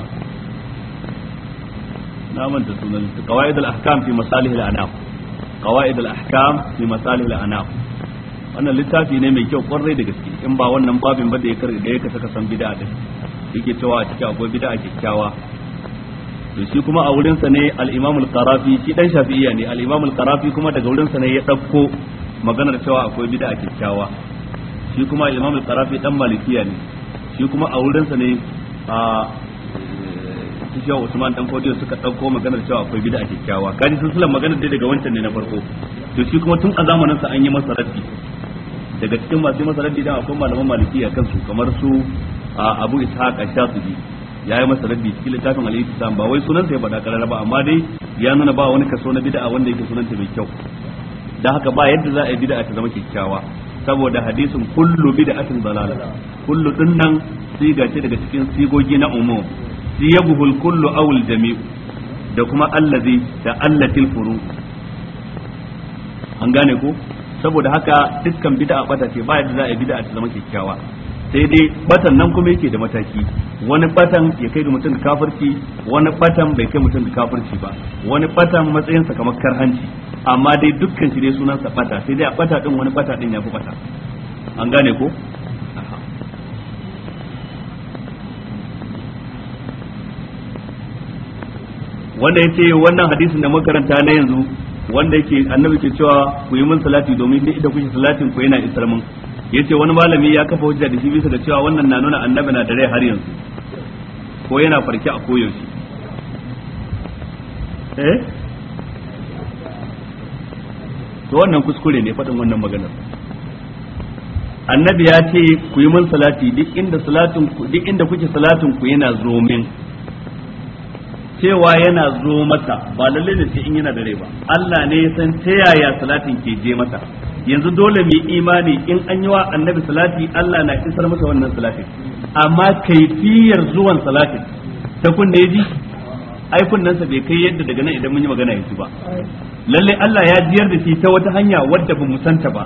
na manta sunan qawaid al-ahkam fi masalih al-anam qawaid al-ahkam fi masalih al-anam wannan littafi ne mai kyau kwarai da gaske in ba wannan babin ba da ya karga da ya kasa kasan bid'a din yake cewa a cikin akwai bid'a kyakkyawa to shi kuma a wurin sa ne al-Imam al-Qarafi shi dan Shafi'iyya ne al-Imam al-Qarafi kuma daga wurin sa ne ya dauko maganar cewa akwai bid'a kyakkyawa shi kuma al-Imam al-Qarafi dan Malikiya ne shi kuma a wurin sa ne a Shehu Usman dan Kodiyo suka dauko maganar cewa akwai bid'a kyakkyawa kaji sun sulan maganar dai daga wancan ne na farko to shi kuma tun a zamanin sa an yi masa raddi daga cikin masu masa raddi da akwai malaman a kansu kamar su a abu a ishaq su ji ya yi masa raddi cikin littafin alayhi salam ba wai sunansa ya faɗa karara ba amma dai ya nuna ba wani kaso na bid'a wanda yake sunanta mai kyau da haka ba yadda za a yi bid'a ta zama kyakkyawa saboda hadisin kullu cikin zalala kullu nan siga ce daga cikin sigogi na umum siyabuhul kullu awul jami'u da kuma allazi da allatil furu an gane ko saboda haka dukkan bid'a bata ce ba yadda za a yi bid'a ta zama kyakkyawa sai dai batan nan kuma yake da mataki wani batan ya kai ga mutum da kafirci wani batan bai kai mutum da kafirci ba wani batan matsayinsa kamar karhanci amma dai dukkan shi dai sa bata sai dai a bata din wani bata din ya fi bata an gane ko wanda ya ce wannan hadisin da makaranta na yanzu wanda yake annabi ke cewa ku yi min salati domin dai da kuke salatin ku yana isar min yace wani malami ya kafa hujja da shi bisa da cewa wannan na nuna annabi na da rai har yanzu ko yana farke a koyaushe eh to wannan kuskure ne faɗin wannan maganar annabi ya ce ku yi min salati duk inda salatin ku duk inda kuke salatin ku yana zo min cewa yana zo mata ba lalle ne sai in yana da rai ba Allah ne ya san ta yaya salatin ke je mata yanzu dole mu imani in an yi wa annabi salati Allah na isar masa wannan salatin amma kaifiyar zuwan salati ta kunne ji ai sa bai kai yadda daga nan idan mun yi magana yanzu ba lalle Allah ya jiyar da shi ta wata hanya wadda ba mu santa ba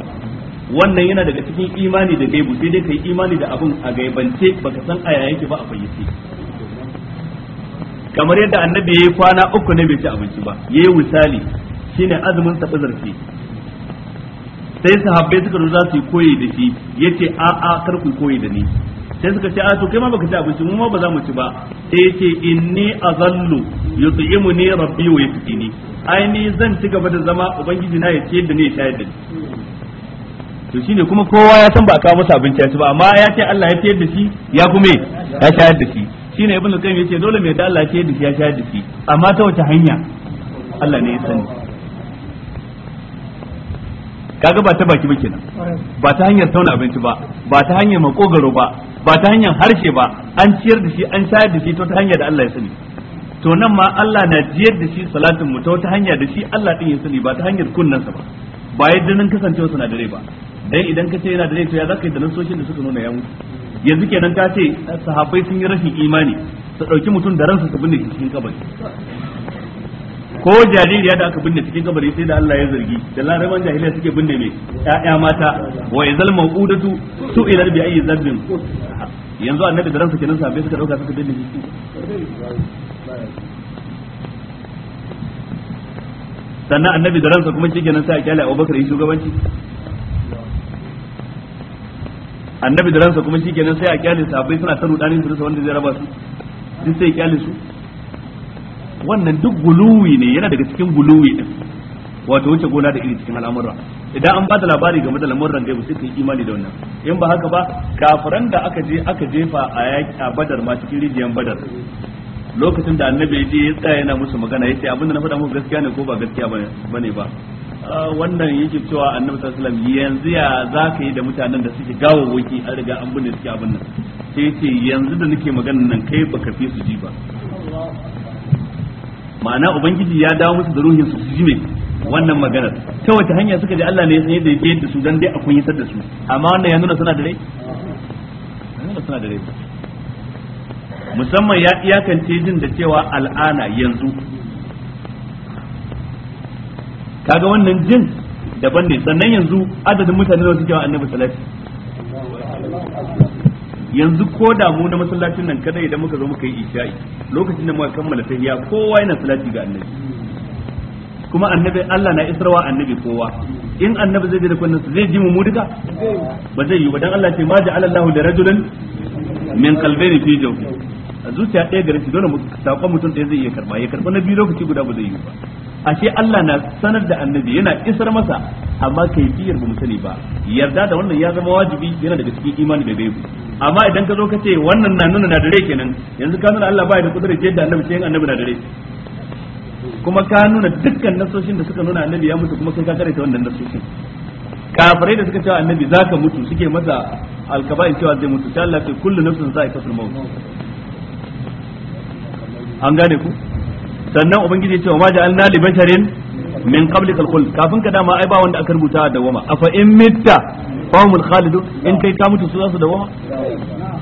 wannan yana daga cikin imani da gaibu sai dai kai imani da abun a gaibance baka san aya yake ba a fayyace kamar yadda annabi yayi kwana uku ne bai ci abinci ba yayi shi shine azumin tafi zarfi sai sahabbai suka zo za su yi koyi da shi yace a a kar ku koyi da ni sai suka ce a to kai ma baka ci abinci mu ma ba za mu ci ba sai yace inni azallu yut'imuni rabbi wa yasqini ai ni zan ci gaba da zama ubangiji na ya ce da ni ya shayar da ni to shine kuma kowa ya san ba a kawo masa abinci ya ci ba amma ya ce Allah ya tayar da shi ya kuma ya shayar da shi shine ibnu qayyim yace dole mai da Allah ce da ya sha da shi amma ta wace hanya Allah ne ya sani kaga ba ta baki ba kenan ba ta hanyar tauna abinci ba ba ta hanyar makogaro ba ba ta hanyar harshe ba an ciyar da shi an shayar da shi ta hanyar da Allah ya sani to nan ma Allah na jiyar da shi salatin mu ta wata hanya da shi Allah din ya sani ba ta hanyar kunnansa ba ba yadda nan kasancewa sinadarai ba dan idan ka ce yana da rai to ya zaka yi da nan soshin da suka nuna ya mutu yanzu kenan ka ce sahabbai sun yi rashin imani su ɗauki mutum da ransa su binne shi cikin kabari ko jaririya da aka binne cikin kabari sai da Allah ya zargi da laraban jahiliya suke binne mai ƴaƴa mata wa izal mawqudatu ila bi ayi dhanbin yanzu annabi da ransa kenan sahabbai suka dauka suka binne shi sannan annabi da ransa kuma shikenan sai a kyale Abubakar yi shugabanci annabi da ransa kuma shikenan sai a kyale su abai suna ta rudani su rasa wanda zai raba su duk sai kyale su wannan duk guluwi ne yana daga cikin guluwi din wato wuce gona da iri cikin al'amuran idan an bada labari game da lamuran gaibu sai ka imani da wannan in ba haka ba kafiran da aka je aka jefa a yaki a badar ma cikin rijiyar badar lokacin da annabi ya je ya tsaya yana musu magana yace abin da na faɗa muku gaskiya ne ko ba gaskiya bane ba wannan yake cewa annabi sallallahu alaihi wasallam yanzu ya zaka yi da mutanen da suke gawawwaki an riga an binne suke abin nan sai yace yanzu da nake magana nan kai ba fi su ji ba ma'ana ubangiji ya dawo musu da ruhin su su ji ne wannan maganar ta wata hanya suka ji Allah ne ya sanya da yake da su dan dai a kunyatar da su amma wannan ya nuna suna da rai nuna suna da rai musamman ya iyakance jin da cewa al'ana yanzu kaga wannan jin daban ne sannan yanzu adadin mutane da suke wa annabi salati yanzu ko da mu na masallacin nan kada idan muka zo muka yi isha'i lokacin da muka kammala tahiyya kowa yana salati ga annabi kuma annabi Allah na isarwa annabi kowa in annabi zai da kunnan zai ji mu duka ba zai yi ba dan Allah ce ma ja'alallahu Allahu da rajulin min qalbayni fi jawfi a zuciya ɗaya gare shi dole sakon mutum ɗaya zai iya karba ya karba na biyu lokaci guda ba zai yi ba ashe Allah na sanar da annabi yana isar masa amma kai biyar ba mu sani ba yarda da wannan ya zama wajibi yana daga cikin imani da gaibu amma idan ka zo ka ce wannan na nuna na dare kenan yanzu ka nuna Allah baya da kudura ce da annabi yin annabi na dare kuma ka nuna dukkan nasoshin da suka nuna annabi ya mutu kuma kai ka karanta wannan nasoshin kafirai da suka cewa annabi zaka mutu suke masa alkaba'in cewa zai mutu sai Allah ya ce kullu nafsin kasu maut an gane ku sannan ubangiji ya ce ma ja'alna li basharin min qabli khuld kafin ka dama ai ba wanda aka rubuta da wama afa in mitta fahumul khalidun in kai ka mutu su za su dawama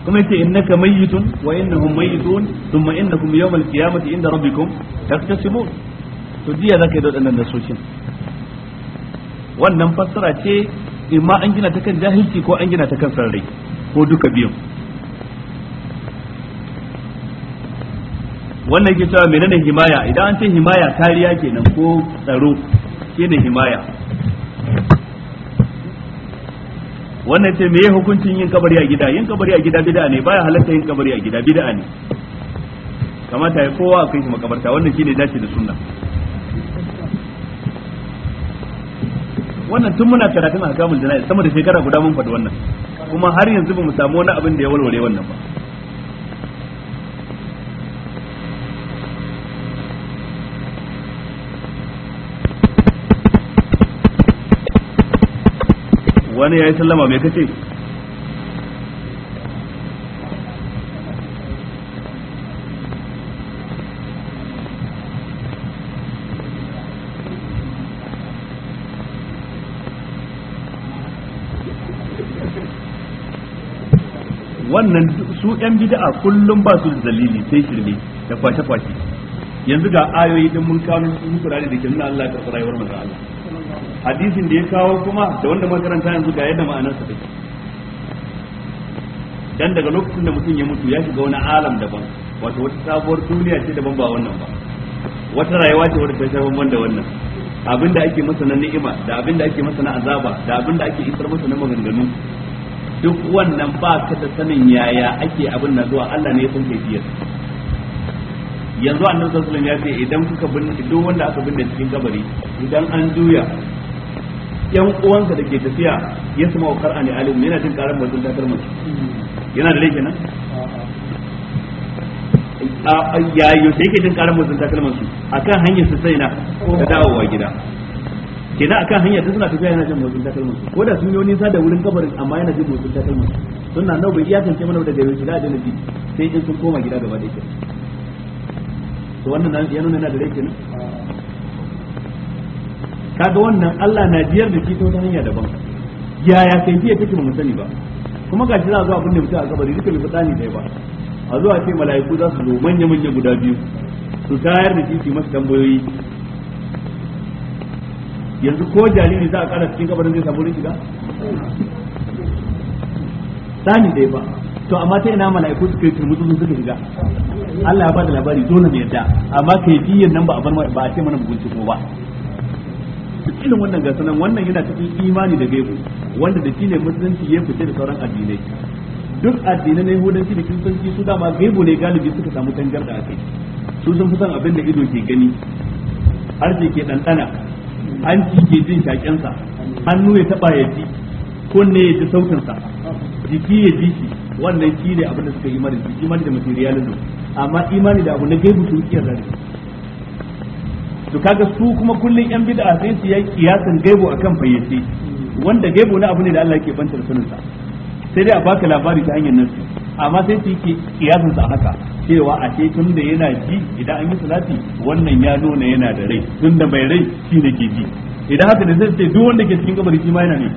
kuma yace innaka mayyitun wa innahum mayyitun thumma innakum yawmal qiyamati inda rabbikum taktasibun to jiya zaka yi wadannan nasoshin wannan fassara ce imma an gina ta kan jahilci ko an gina ta kan sarrai ko duka biyun wannan ke cewa menene himaya idan an ce himaya kariya kenan ko tsaro shine himaya wannan ce meye hukuncin yin kabari a gida yin kabari a gida bid'a ne baya halatta yin kabari a gida bid'a ne kamata ya kowa kai shi makabarta wannan shine dace da sunna wannan tun muna karatun a kamun jana'i sama da shekara guda mun faɗi wannan kuma har yanzu ba mu samu wani abin da ya walwale wannan ba wani yi sallama mai kace wannan su yan bid'a kullum ba su da dalili sai shirme da kwace-kwace yanzu ga ayoyi din mun kawo su da ke nuna Allah ya karɓi rayuwar manzo Allah hadisin da ya kawo kuma da wanda makaranta yanzu ga yadda ma'anarsa take dan daga lokacin da mutum ya mutu ya shiga wani alam daban wato wata sabuwar duniya ce daban ba wannan ba wata rayuwa ce wadda ta sha bamban da wannan abin da ake masa na ni'ima da abin da ake masa na azaba da abin da ake isar masa na maganganu duk wannan ba ka da sanin yaya ake abin na zuwa Allah ne ya san kaifiyar yanzu annabi sallallahu alaihi wasallam ya ce idan kuka binne duk wanda aka binne cikin kabari idan an juya yan uwansa da ke tafiya ya sama wa ne alimu yana jin karar mutum ta kalmar yana da laifi nan ya yau sai yake jin karar mutum ta kalmar su kan hanyar su sai na da dawowa gida kenan kan hanyar ta suna tafiya yana jin mutum ta kalmar su ko da sun yi nisa da wurin kabarin amma yana jin mutum ta kalmar su sunna nau bai iyakance mana daga yau shiga da nabi sai in sun koma gida gaba da ke to wannan yana nuna da laifi nan kaga wannan Allah na biyar da shi ta wata hanya daban yaya kai jiya take mu sani ba kuma ga shi za a zo abin da mutum a kabari duka bai fada ni dai ba a zuwa ce mala'iku za su zo manya manya guda biyu su tayar da shi su masa tambayoyi yanzu ko jariri za a kara cikin kabarin zai samu shiga sani dai ba to amma ta ina mala'iku su kai turmutu sun suka shiga Allah ya da labari dole ne yadda amma kai biyan nan ba a bar ba a ce mana mugunci ko ba duk irin wannan gasa nan wannan yana cikin imani da gaibu wanda da shine musulunci ya fice da sauran addinai duk addinai na yahudanci da kiristanci su dama gaibu ne galibi suka samu tangar da kai su sun fi abin da ido ke gani harshe ke ɗanɗana hanci ke jin shaƙensa hannu ya taba ya ji kunne ya ji sautinsa jiki ya ji shi wannan shi ne abin da suka yi imani imani da materialism amma imani da abu na gaibu su iya da to kaga su kuma kullun yan bid'a sai su yi kiyasan gaibo akan fayyace wanda gaibo na abu ne da Allah yake banta da saninsa sai dai a baka labari ta hanyar nan amma sai su yi kiyasan sa haka cewa a ce tun da yana ji idan an yi salati wannan ya nuna yana da rai tun da mai rai shi ne ke ji idan haka da zai ce duk wanda ke cikin kabari shi ma yana ne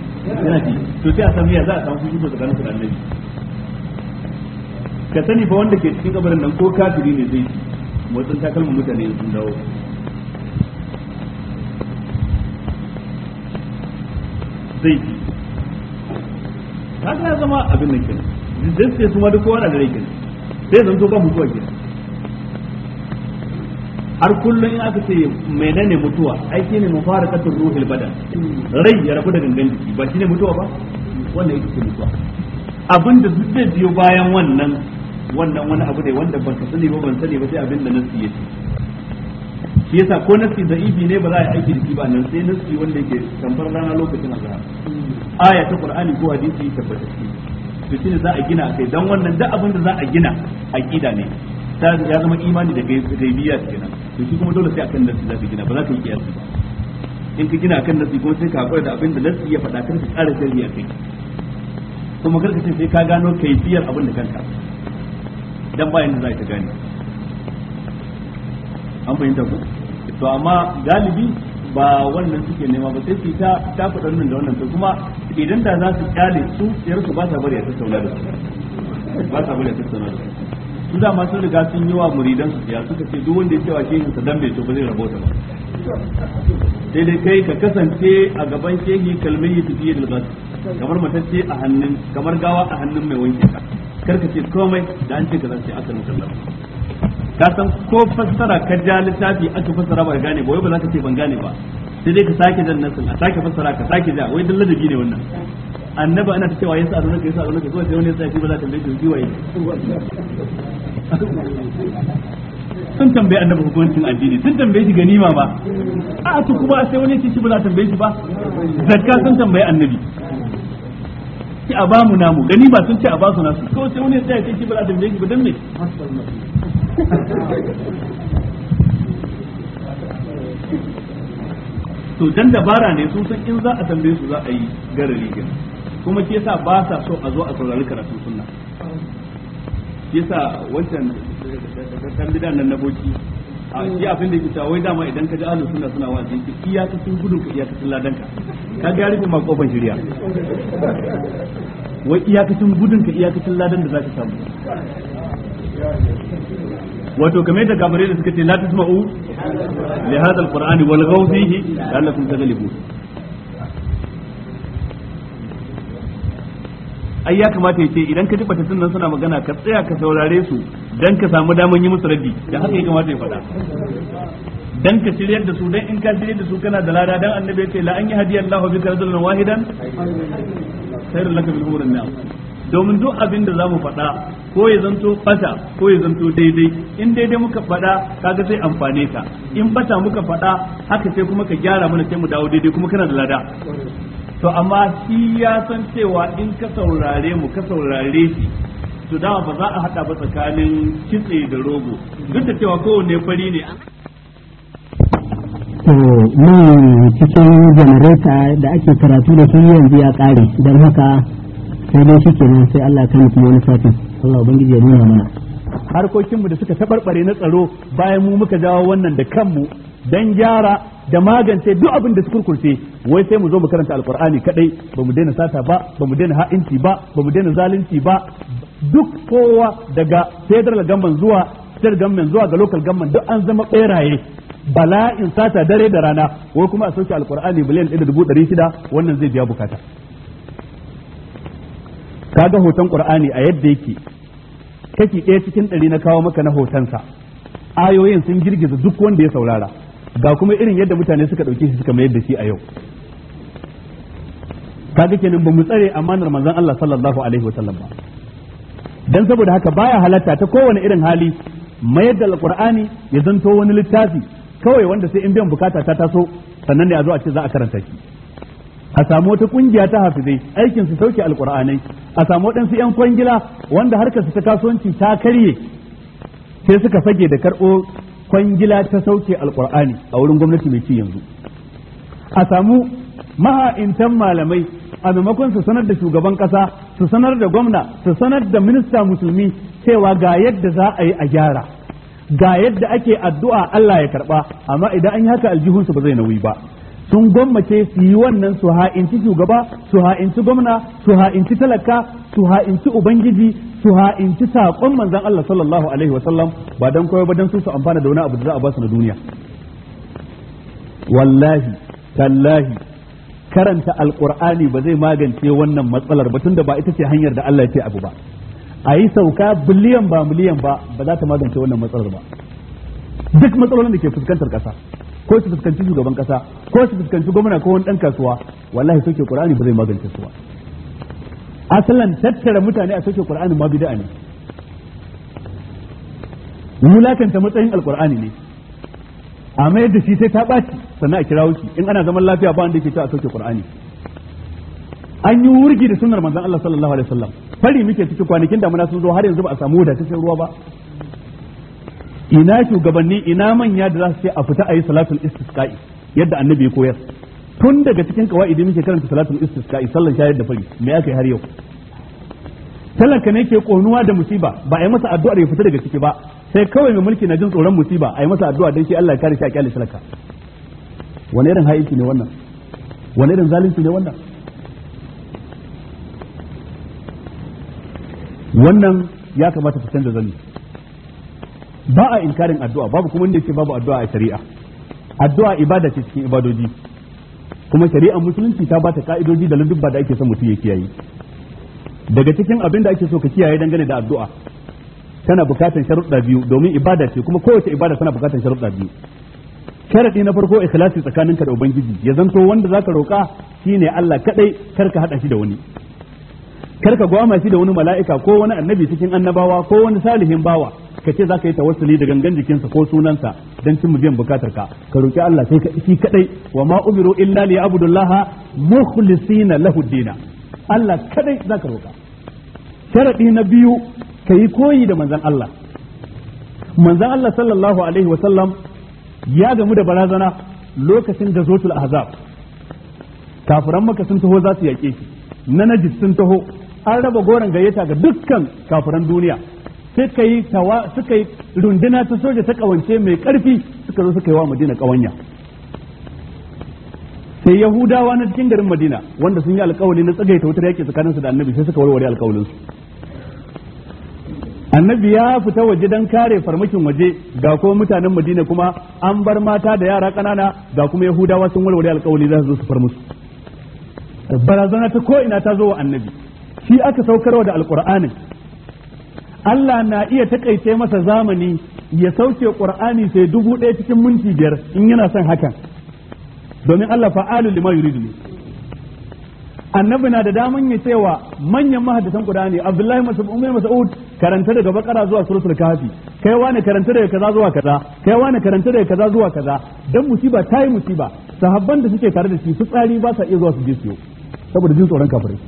yana ji to sai a san ya za a san fushi ko tsakanin su da ka sani fa wanda ke cikin kabarin nan ko kafiri ne zai ci motsin takalmin mutane sun dawo zai ji kaga ya zama abin nan kenan dan sai su ma duk kowa da rai kenan sai zan ba mutuwa kenan har kullum in aka ce menene mutuwa ai shine mufaraqatul ruhil badan rai ya rabu da gangan jiki ba shine mutuwa ba wannan yake mutuwa abin da duk zai biyo bayan wannan wannan wani abu ne wanda ban sani ba ban sani ba sai abin da nasu yake shi yasa ko nasi da ibi ne ba za a yi aiki da shi ba nan sai nasi wanda yake tamfar rana lokacin azhar aya ta qur'ani ko hadisi shi to shine za a gina kai dan wannan duk abin da za a gina aqida ne ta ya zama imani da gaibiya kenan to shi kuma dole sai akan nasi za ka gina ba za ka yi kiyasi ba in ka gina akan nasi ko sai ka hakura da abin da nasi ya faɗa kan ka ƙara sirri a kai kuma karka ce sai ka gano kaifiyar abin da kanka dan bayan da za ka gane an fahimta ku to amma galibi ba wannan suke nema ba sai ta ta faɗa nan da wannan to kuma idan da za su kyale su yar su ba ta bari a tattauna da su ba ta bari a tattauna da su su da ma sun riga sun yi wa muridan su ya suka ce duk wanda ya cewa shehin sa dan bai to ba zai rabota ba sai dai kai ka kasance a gaban shehi kalmai ya tafiye da basu kamar matacce a hannun kamar gawa a hannun mai wanke ka karka ce komai da an ce ka zance akan nuna. ka san ko fassara ka ja littafi aka fassara ba gane ba wai ba za ka ce ban gane ba sai dai ka sake jan nasin a sake fassara ka sake ja wai dan ladabi ne wannan annabi ana ta cewa yasa azuna kai yasa azuna kai kuma sai wani yasa shi ba za ta tambaye shi waye sun tambaye annabi hukuncin addini sun tambaye shi ganima ba a to kuma sai wani yake shi ba za ta tambaye shi ba zakka sun tambaye annabi ki a bamu namu ba sun ce a basu nasu kawai sai wani yasa ya ce shi ba za ta tambaye shi ba dan me to dan dabara ne sun san in za a tambaye su za a yi gara rigin kuma ke sa ba sa so a zo a saurari karatu sunna ke sa wancan kandidan nan na boki a shi abin da kita wai dama idan ka ji ahlus sunna suna wazi ki iyakacin gudun ka iyakacin ladan ka ka ga rufe ma kofar shirya wai iya iyakacin gudun ka iyakacin ladan da za ka samu wato kamar da gabarai da suka ce la tasma'u li hadha alqur'ani wal ghaw fihi la'allakum taghlibun ai ya kamata yace idan ka ji batattun nan suna magana ka tsaya ka saurare su dan ka samu daman yi musu raddi da haka ya kamata ya faɗa dan ka shiryar da su dan in ka shiryar da su kana da lada dan annabi ya ce la an yi hadiya Allahu bika rajulan wahidan khairul laka min umurin na'am domin duk abin da za mu faɗa ko ya zanto bata ko ya zanto daidai in daidai muka faɗa kaga sai amfane ka in bata muka faɗa haka sai kuma ka gyara mana sai mu dawo daidai kuma kana da lada to amma shi ya san cewa in ka saurare mu ka saurare shi to dama ba za a haɗa ba tsakanin kitse da rogo duk da cewa kowanne fari ne to mun cikin janareta da ake karatu da su yanzu ya ƙare don haka sai dai ke nan sai Allah ya kan kuma wani satin Allah ubangiji ya nuna mana harkokinmu da suka tabarbare na tsaro bayan mu muka jawo wannan da kanmu dan gyara da magance duk abin da kurkurce wai sai mu zo mu karanta alkur'ani kadai ba mu daina sata ba ba mu daina ha'inci ba ba mu daina zalunci ba duk kowa daga federal gamban zuwa state gamban zuwa ga local gamban duk an zama beraye bala'in sata dare da rana wai kuma a sauke alkur'ani biliyan 1600 wannan zai biya bukata Ka ga hoton qur'ani a yadda yake kaki ɗaya cikin ɗari na kawo maka na hotonsa ayoyin sun girgiza duk wanda ya saurara ga kuma irin yadda mutane suka ɗauke shi suka mayar da shi a yau kaga kenan ba mu tsare amanar manzon Allah sallallahu alaihi wa sallam ba dan saboda haka baya halatta ta kowane irin hali mayar da alqur'ani ya zanto wani littafi kawai wanda sai in biyan bukata ta taso sannan ne a zo a ce za a karanta shi a samu wata kungiya ta hafizai aikin su sauke alkur'anai a samu waɗansu 'yan kwangila wanda harkar su ta kasuwanci ta karye sai suka fage da karɓo kwangila ta sauke alkur'ani a wurin gwamnati mai ci yanzu a samu maha'intan malamai a maimakon su sanar da shugaban ƙasa su sanar da gwamna su sanar da minista musulmi cewa ga yadda za a yi a gyara ga yadda ake addu'a Allah ya karba amma idan an yi haka aljihunsu ba zai nauyi ba sun gwammace su yi wannan su ha'inci shugaba su ha'inci gwamna su ha'inci talaka su ha'inci ubangiji su ha'inci saƙon manzon Allah sallallahu alaihi wasallam ba dan koyo ba don su su amfana da wani abu da za a ba su na duniya wallahi tallahi karanta alqur'ani ba zai magance wannan matsalar ba tunda ba ita ce hanyar da Allah ya ce abu ba a yi sauka biliyan ba miliyan ba ba za ta magance wannan matsalar ba duk matsalolin da ke fuskantar ƙasa ko su fuskanci shugaban kasa ko su fuskanci gwamna ko wani dan kasuwa wallahi soke qur'ani ba zai magance su ba asalan tattara mutane a soke qur'ani ma bid'a ne mulakanta matsayin alqur'ani ne a da shi sai ta ɓaci sannan a kirawo shi in ana zaman lafiya ba wanda yake cewa a soke qur'ani an yi wurgi da sunnar manzon Allah sallallahu alaihi wasallam fari muke cikin kwanakin damuna sun zo har yanzu ba a samu wadatacce ruwa ba ina shugabanni ina manya da za su ce a fita a yi salatul istisqa'i yadda annabi ya koyar tun daga cikin kawaidi muke karanta salatul istisqa'i sallan shayar da fari me aka yi har yau talaka ne ke konuwa da musiba ba a yi masa da ya fita daga ciki ba sai kawai mai mulki na jin tsoron musiba a yi masa addu'a don shi Allah ya kare shi a kyale salaka. wani irin haiki ne wannan wani irin zalunci ne wannan wannan ya kamata ku canza zani ba a inkarin addu'a babu kuma wanda yake babu addu'a a shari'a addu'a ibada ce cikin ibadoji kuma shari'a musulunci ta bata ka'idoji da ladubba da ake son mutum ya kiyaye daga cikin abin da ake so ka kiyaye dangane da addu'a tana bukatar sharuɗa biyu domin ibada ce kuma kowace ibada tana bukatar sharuɗa biyu Sharaɗi na farko ikhlasi ka da ubangiji ya zanto wanda za zaka roka ne Allah kadai karka haɗa shi da wani karka gwama shi da wani mala'ika ko wani annabi cikin annabawa ko wani salihin bawa ka ce za ka yi tawassuli da gangan jikinsa ko sunansa don cin biyan bukatar ka ka roki Allah sai ka shi kadai wa ma umiru illa li abdullah mukhlisina lahu dina Allah kadai za ka roka sharadi na biyu ka yi koyi da manzon Allah manzon Allah sallallahu alaihi wa sallam ya gamu da barazana lokacin da zotul ahzab kafiran maka sun taho za su yake shi na najis sun taho an raba goren gayyata ga dukkan kafiran duniya suka yi tawa suka runduna ta soja ta kawance mai karfi suka zo suka yi wa Madina kawanya sai Yahudawa na cikin garin Madina wanda sun yi alkawali na tsagaita wutar yaki tsakaninsu da Annabi sai suka warware alkawalinsu Annabi ya fita waje don kare farmakin waje ga kuma mutanen Madina kuma an bar mata da yara kanana ga kuma Yahudawa sun warware alkawali za su zo su far musu barazana ta ko ina ta zo wa Annabi shi aka saukarwa da alkur'ani Allah na iya takaice masa zamani ya sauke Qur'ani sai dubu ɗaya cikin minti biyar in yana son hakan domin Allah fa'alu lima yuridu annabi na da daman ya cewa manyan mahaddisan Qur'ani Abdullahi Mas'ud Mas'ud karanta daga bakara zuwa suratul kahfi kai wani karanta daga kaza zuwa kaza kai wani karanta daga kaza zuwa kaza dan musiba tayi musiba sahabban da suke tare da shi su tsari ba sa iya zuwa su ji su saboda jin tsoron kafirai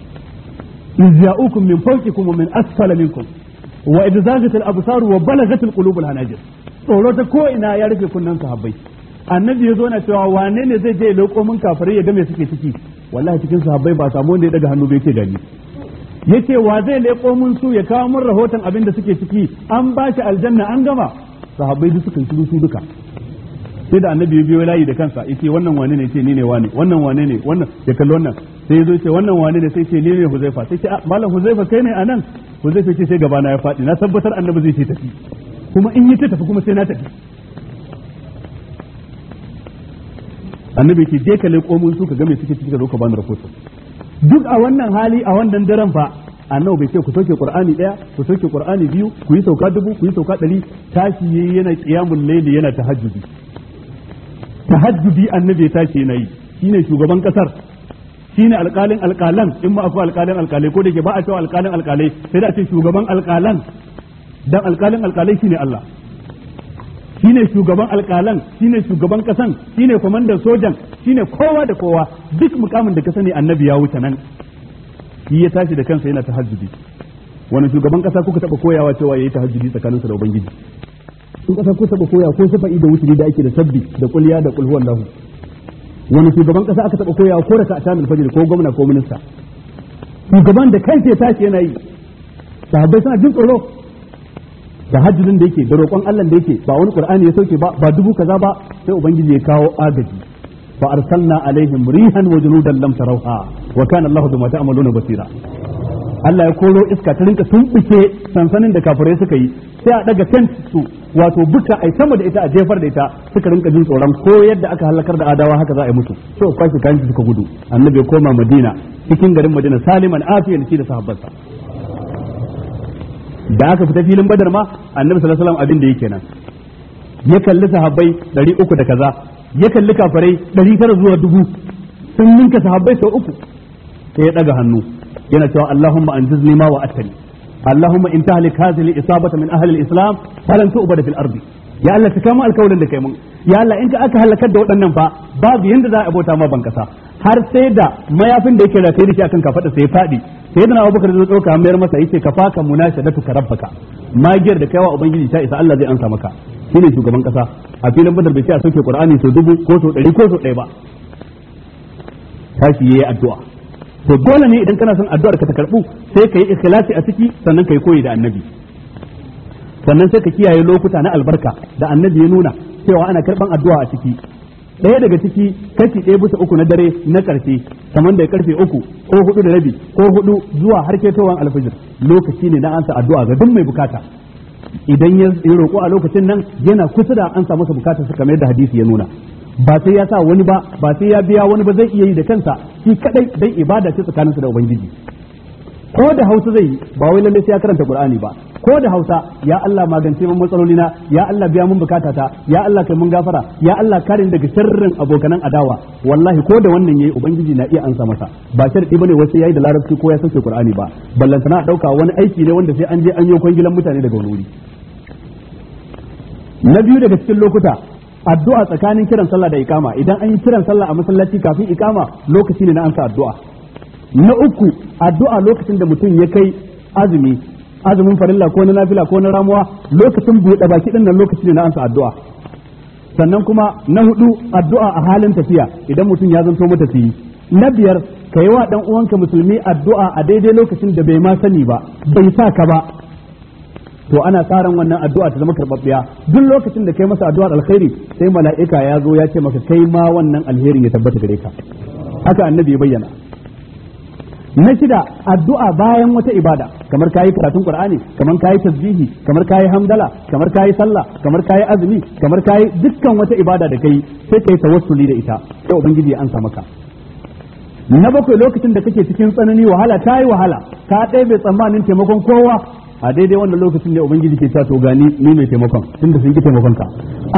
izja'ukum min fawqikum wa min asfala minkum wa idzagat al-absar wa balagat al-qulub al-hanajir tsoro ta ko ina ya rufe kunnan sahabbai annabi yazo na cewa wane ne zai je lokko mun kafare ya ga suke ciki wallahi cikin sahabbai ba samu wanda ya daga hannu bai ce gani yace wa zai leko mun su ya kawo mun rahoton abin da suke ciki an ba shi aljanna an gama sahabbai duk suka shiru su duka sai da annabi ya biyo layi da kansa yace wannan wane ne yace ni ne wane wannan wane ne wannan ya kalli wannan sai zo ce wannan wane ne sai ce ni ne huzaifa sai ce ah, malam huzaifa kai ne anan huzaifa ce sai gaba na ya faɗi na tabbatar annabi zai ce tafi kuma in yi ta tafi kuma sai na tafi annabi ce je ka leƙo mun su ka ga me suke ciki da zo ka bani rahoto duk a wannan hali a wannan daren fa annabi bai ce ku soke qur'ani daya ku soke qur'ani biyu ku yi sauka dubu ku yi sauka ɗari tashi yayi yana qiyamul layli yana tahajjudi tahajjudi annabi tashi yana yi shine shugaban kasar shine alƙalin alƙalan in ma akwai alƙalin alƙalai ko da ke ba a cewa alƙalin alƙalai sai da a ce shugaban alƙalan dan alƙalin alƙalai shine Allah shine shugaban alƙalan shine shugaban kasan shine kwamandan sojan shine kowa da kowa duk mukamin da ka sani annabi ya wuce nan shi ya tashi da kansa yana tahajjudi wani shugaban kasa kuka taba koyawa cewa yayi tahajjudi sa da ubangiji in kasa kuka taba koya ko sifa da wuce da ake da sabbi da kulliya da kulhuwan lahu wani shugaban kasa aka taba koyawa ko da ka ashamil fajr ko gwamna ko minista shugaban da kai sai tashi yana yi sahabbai suna jin tsoro da hajjin da yake da roƙon Allah da yake ba wani qur'ani ya sauke ba ba dubu kaza ba sai ubangiji ya kawo agaji fa arsalna alaihim rihan wa junudan lam tarauha wa kana Allahu bima ta'maluna basira Allah ya koro iska ta rinka tumbuke sansanin da kafirai suka yi sai a daga tent su wato buka ai sama da ita a jefar da ita suka rinka jin tsoron ko yadda aka halakar da adawa haka za a yi mutu so kwashi kayan suka gudu annabi ya koma madina cikin garin madina saliman afiyan shi da sahabbansa da aka fita filin badar ma annabi sallallahu alaihi wasallam abin da yake nan ya kalli sahabbai 300 da kaza ya kalli kafarai 900 zuwa dubu sun ninka sahabbai sau uku sai ya daga hannu yana cewa Allahumma anjizni ma wa atani اللهم ان تهلك هذه الاصابه من اهل الاسلام فلن تؤبد في الارض ya Allah ka kama alkawarin da kai mun ya Allah in ka aka halakar da waɗannan fa babu yadda za a bauta ma ban kasa har sai da mayafin da yake da kai da shi akan kafada sai fadi sai da Abubakar zai tsoka mayar masa yace ka faka munashadatu ka rabbaka magiyar da kaiwa ubangiji ta isa Allah zai ansa maka shine shugaban kasa a filin badar bai ce a sauke qur'ani sau dubu ko sau ɗari ko sau ɗaya ba tashi yayi addu'a to dole ne idan kana son addu'ar ka ta karbu sai ka yi ikhlasi a ciki sannan ka yi koyi da annabi sannan sai ka kiyaye lokuta na albarka da annabi ya nuna cewa ana karban addu'a a ciki Daya daga ciki kashi ɗaya bisa uku na dare na karfe kamar da karfe uku ko hudu da rabi ko hudu zuwa har ketowar alfajir lokaci ne na ansa addu'a ga duk mai bukata idan ya roƙo a lokacin nan yana kusa da an samu masa bukatar kamar yadda hadisi ya nuna ba sai ya sa wani ba ba sai ya biya wani ba zai iya yi da kansa shi kadai dai ibada ce tsakaninsa da ubangiji ko da hausa zai ba wai lalle sai ya karanta qur'ani ba ko da hausa ya Allah magance min matsaloli na ya Allah biya mun bukatata ya Allah kai mun gafara ya Allah karin daga sharrin abokanan adawa wallahi ko da wannan yayi ubangiji na iya ansa masa ba sharti ne wasu yayi da larabci ko ya sauke qur'ani ba sana dauka wani aiki ne wanda sai an je an yi kwangilan mutane daga wuri na biyu daga cikin lokuta addu'a tsakanin kiran sallah da ikama idan an yi kiran sallah a masallaci kafin ikama lokaci ne na ansa addu'a na uku addu'a lokacin da mutum ya kai azumi azumin farilla ko na nafila ko na ramuwa lokacin buɗe baki din nan lokaci ne na ansa addu'a sannan kuma na hudu addu'a a halin tafiya idan mutum ya zanto matafiyi na biyar ka yi wa dan uwanka musulmi addu'a a daidai lokacin da bai ma sani ba bai sa ka ba to ana tsaron wannan addu'a ta zama karɓaɓɓiya duk lokacin da kai masa addu'ar alkhairi sai mala'ika ya zo ya ce maka kai ma wannan alherin ya tabbata gare ka haka annabi ya bayyana na shida addu'a bayan wata ibada kamar kayi karatun qur'ani kamar kayi tasbihi kamar kayi hamdala kamar kayi sallah kamar kayi azumi kamar kayi dukkan wata ibada da kai sai kai tawassuli da ita sai ubangiji ya ansa maka na bakwai lokacin da kake cikin tsanani wahala ta yi wahala ka ɗaya bai tsammanin taimakon kowa a daidai wannan lokacin ne ubangiji ke cewa to gani ni mai taimakon tunda sun ki taimakon ka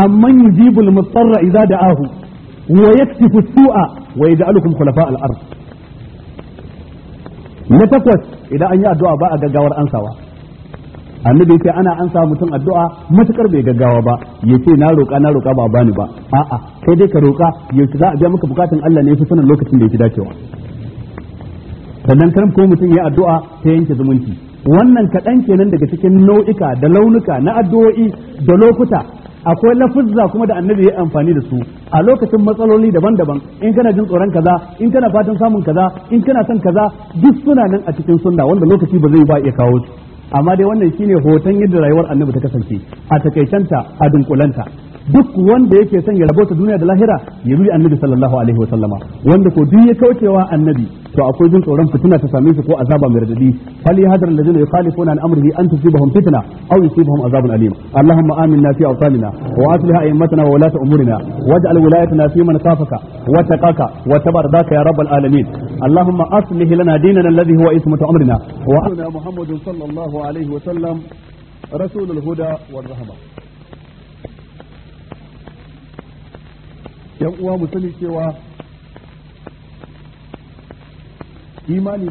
amma yujibul mustarra idza da'ahu wa yaktifu su'a wa yaj'alukum khulafa al-ard na takwas idan an yi addu'a ba a gaggawar ansawa annabi sai ana ansa mutum addu'a matukar bai gaggawa ba yace na roƙa na roƙa ba a bani ba a'a kai dai ka roƙa yaushe za a biya maka bukatun Allah ne fi sanin lokacin da yake dacewa sannan karam ko mutum ya addu'a ta yanke zumunci wannan kaɗan kenan daga cikin nau'ika da launuka na addu'o'i da lokuta akwai lafuzza kuma da annabi ya amfani da su a lokacin matsaloli daban-daban in kana jin tsoron kaza in kana fatan samun kaza in kana son kaza duk suna nan a cikin sunna wanda lokaci ba zai ba iya kawo su amma dai wannan shine hoton yadda rayuwar annabi ta kasance a takaicenta a dunkulanta duk wanda yake son ya rabota duniya da lahira ya bi annabi sallallahu alaihi wa sallama wanda ko duk ya kaucewa annabi to akwai jin tsoron fitina ta same shi ko azaba mai radadi fali hadar alladhina yukhalifuna an amrihi an tusibahum fitna aw yusibahum azabun alim allahumma aminna fi awtanina wa aslih a'immatana wa ulata umurina waj'al wilayatana fi man safaka wa taqaka wa tabarzaka ya rabbal alamin اللهم اصلح لنا ديننا الذي هو اسمة امرنا وعلنا محمد صلى الله عليه وسلم رسول الهدى والرحمه yan uwa mu sani cewa imani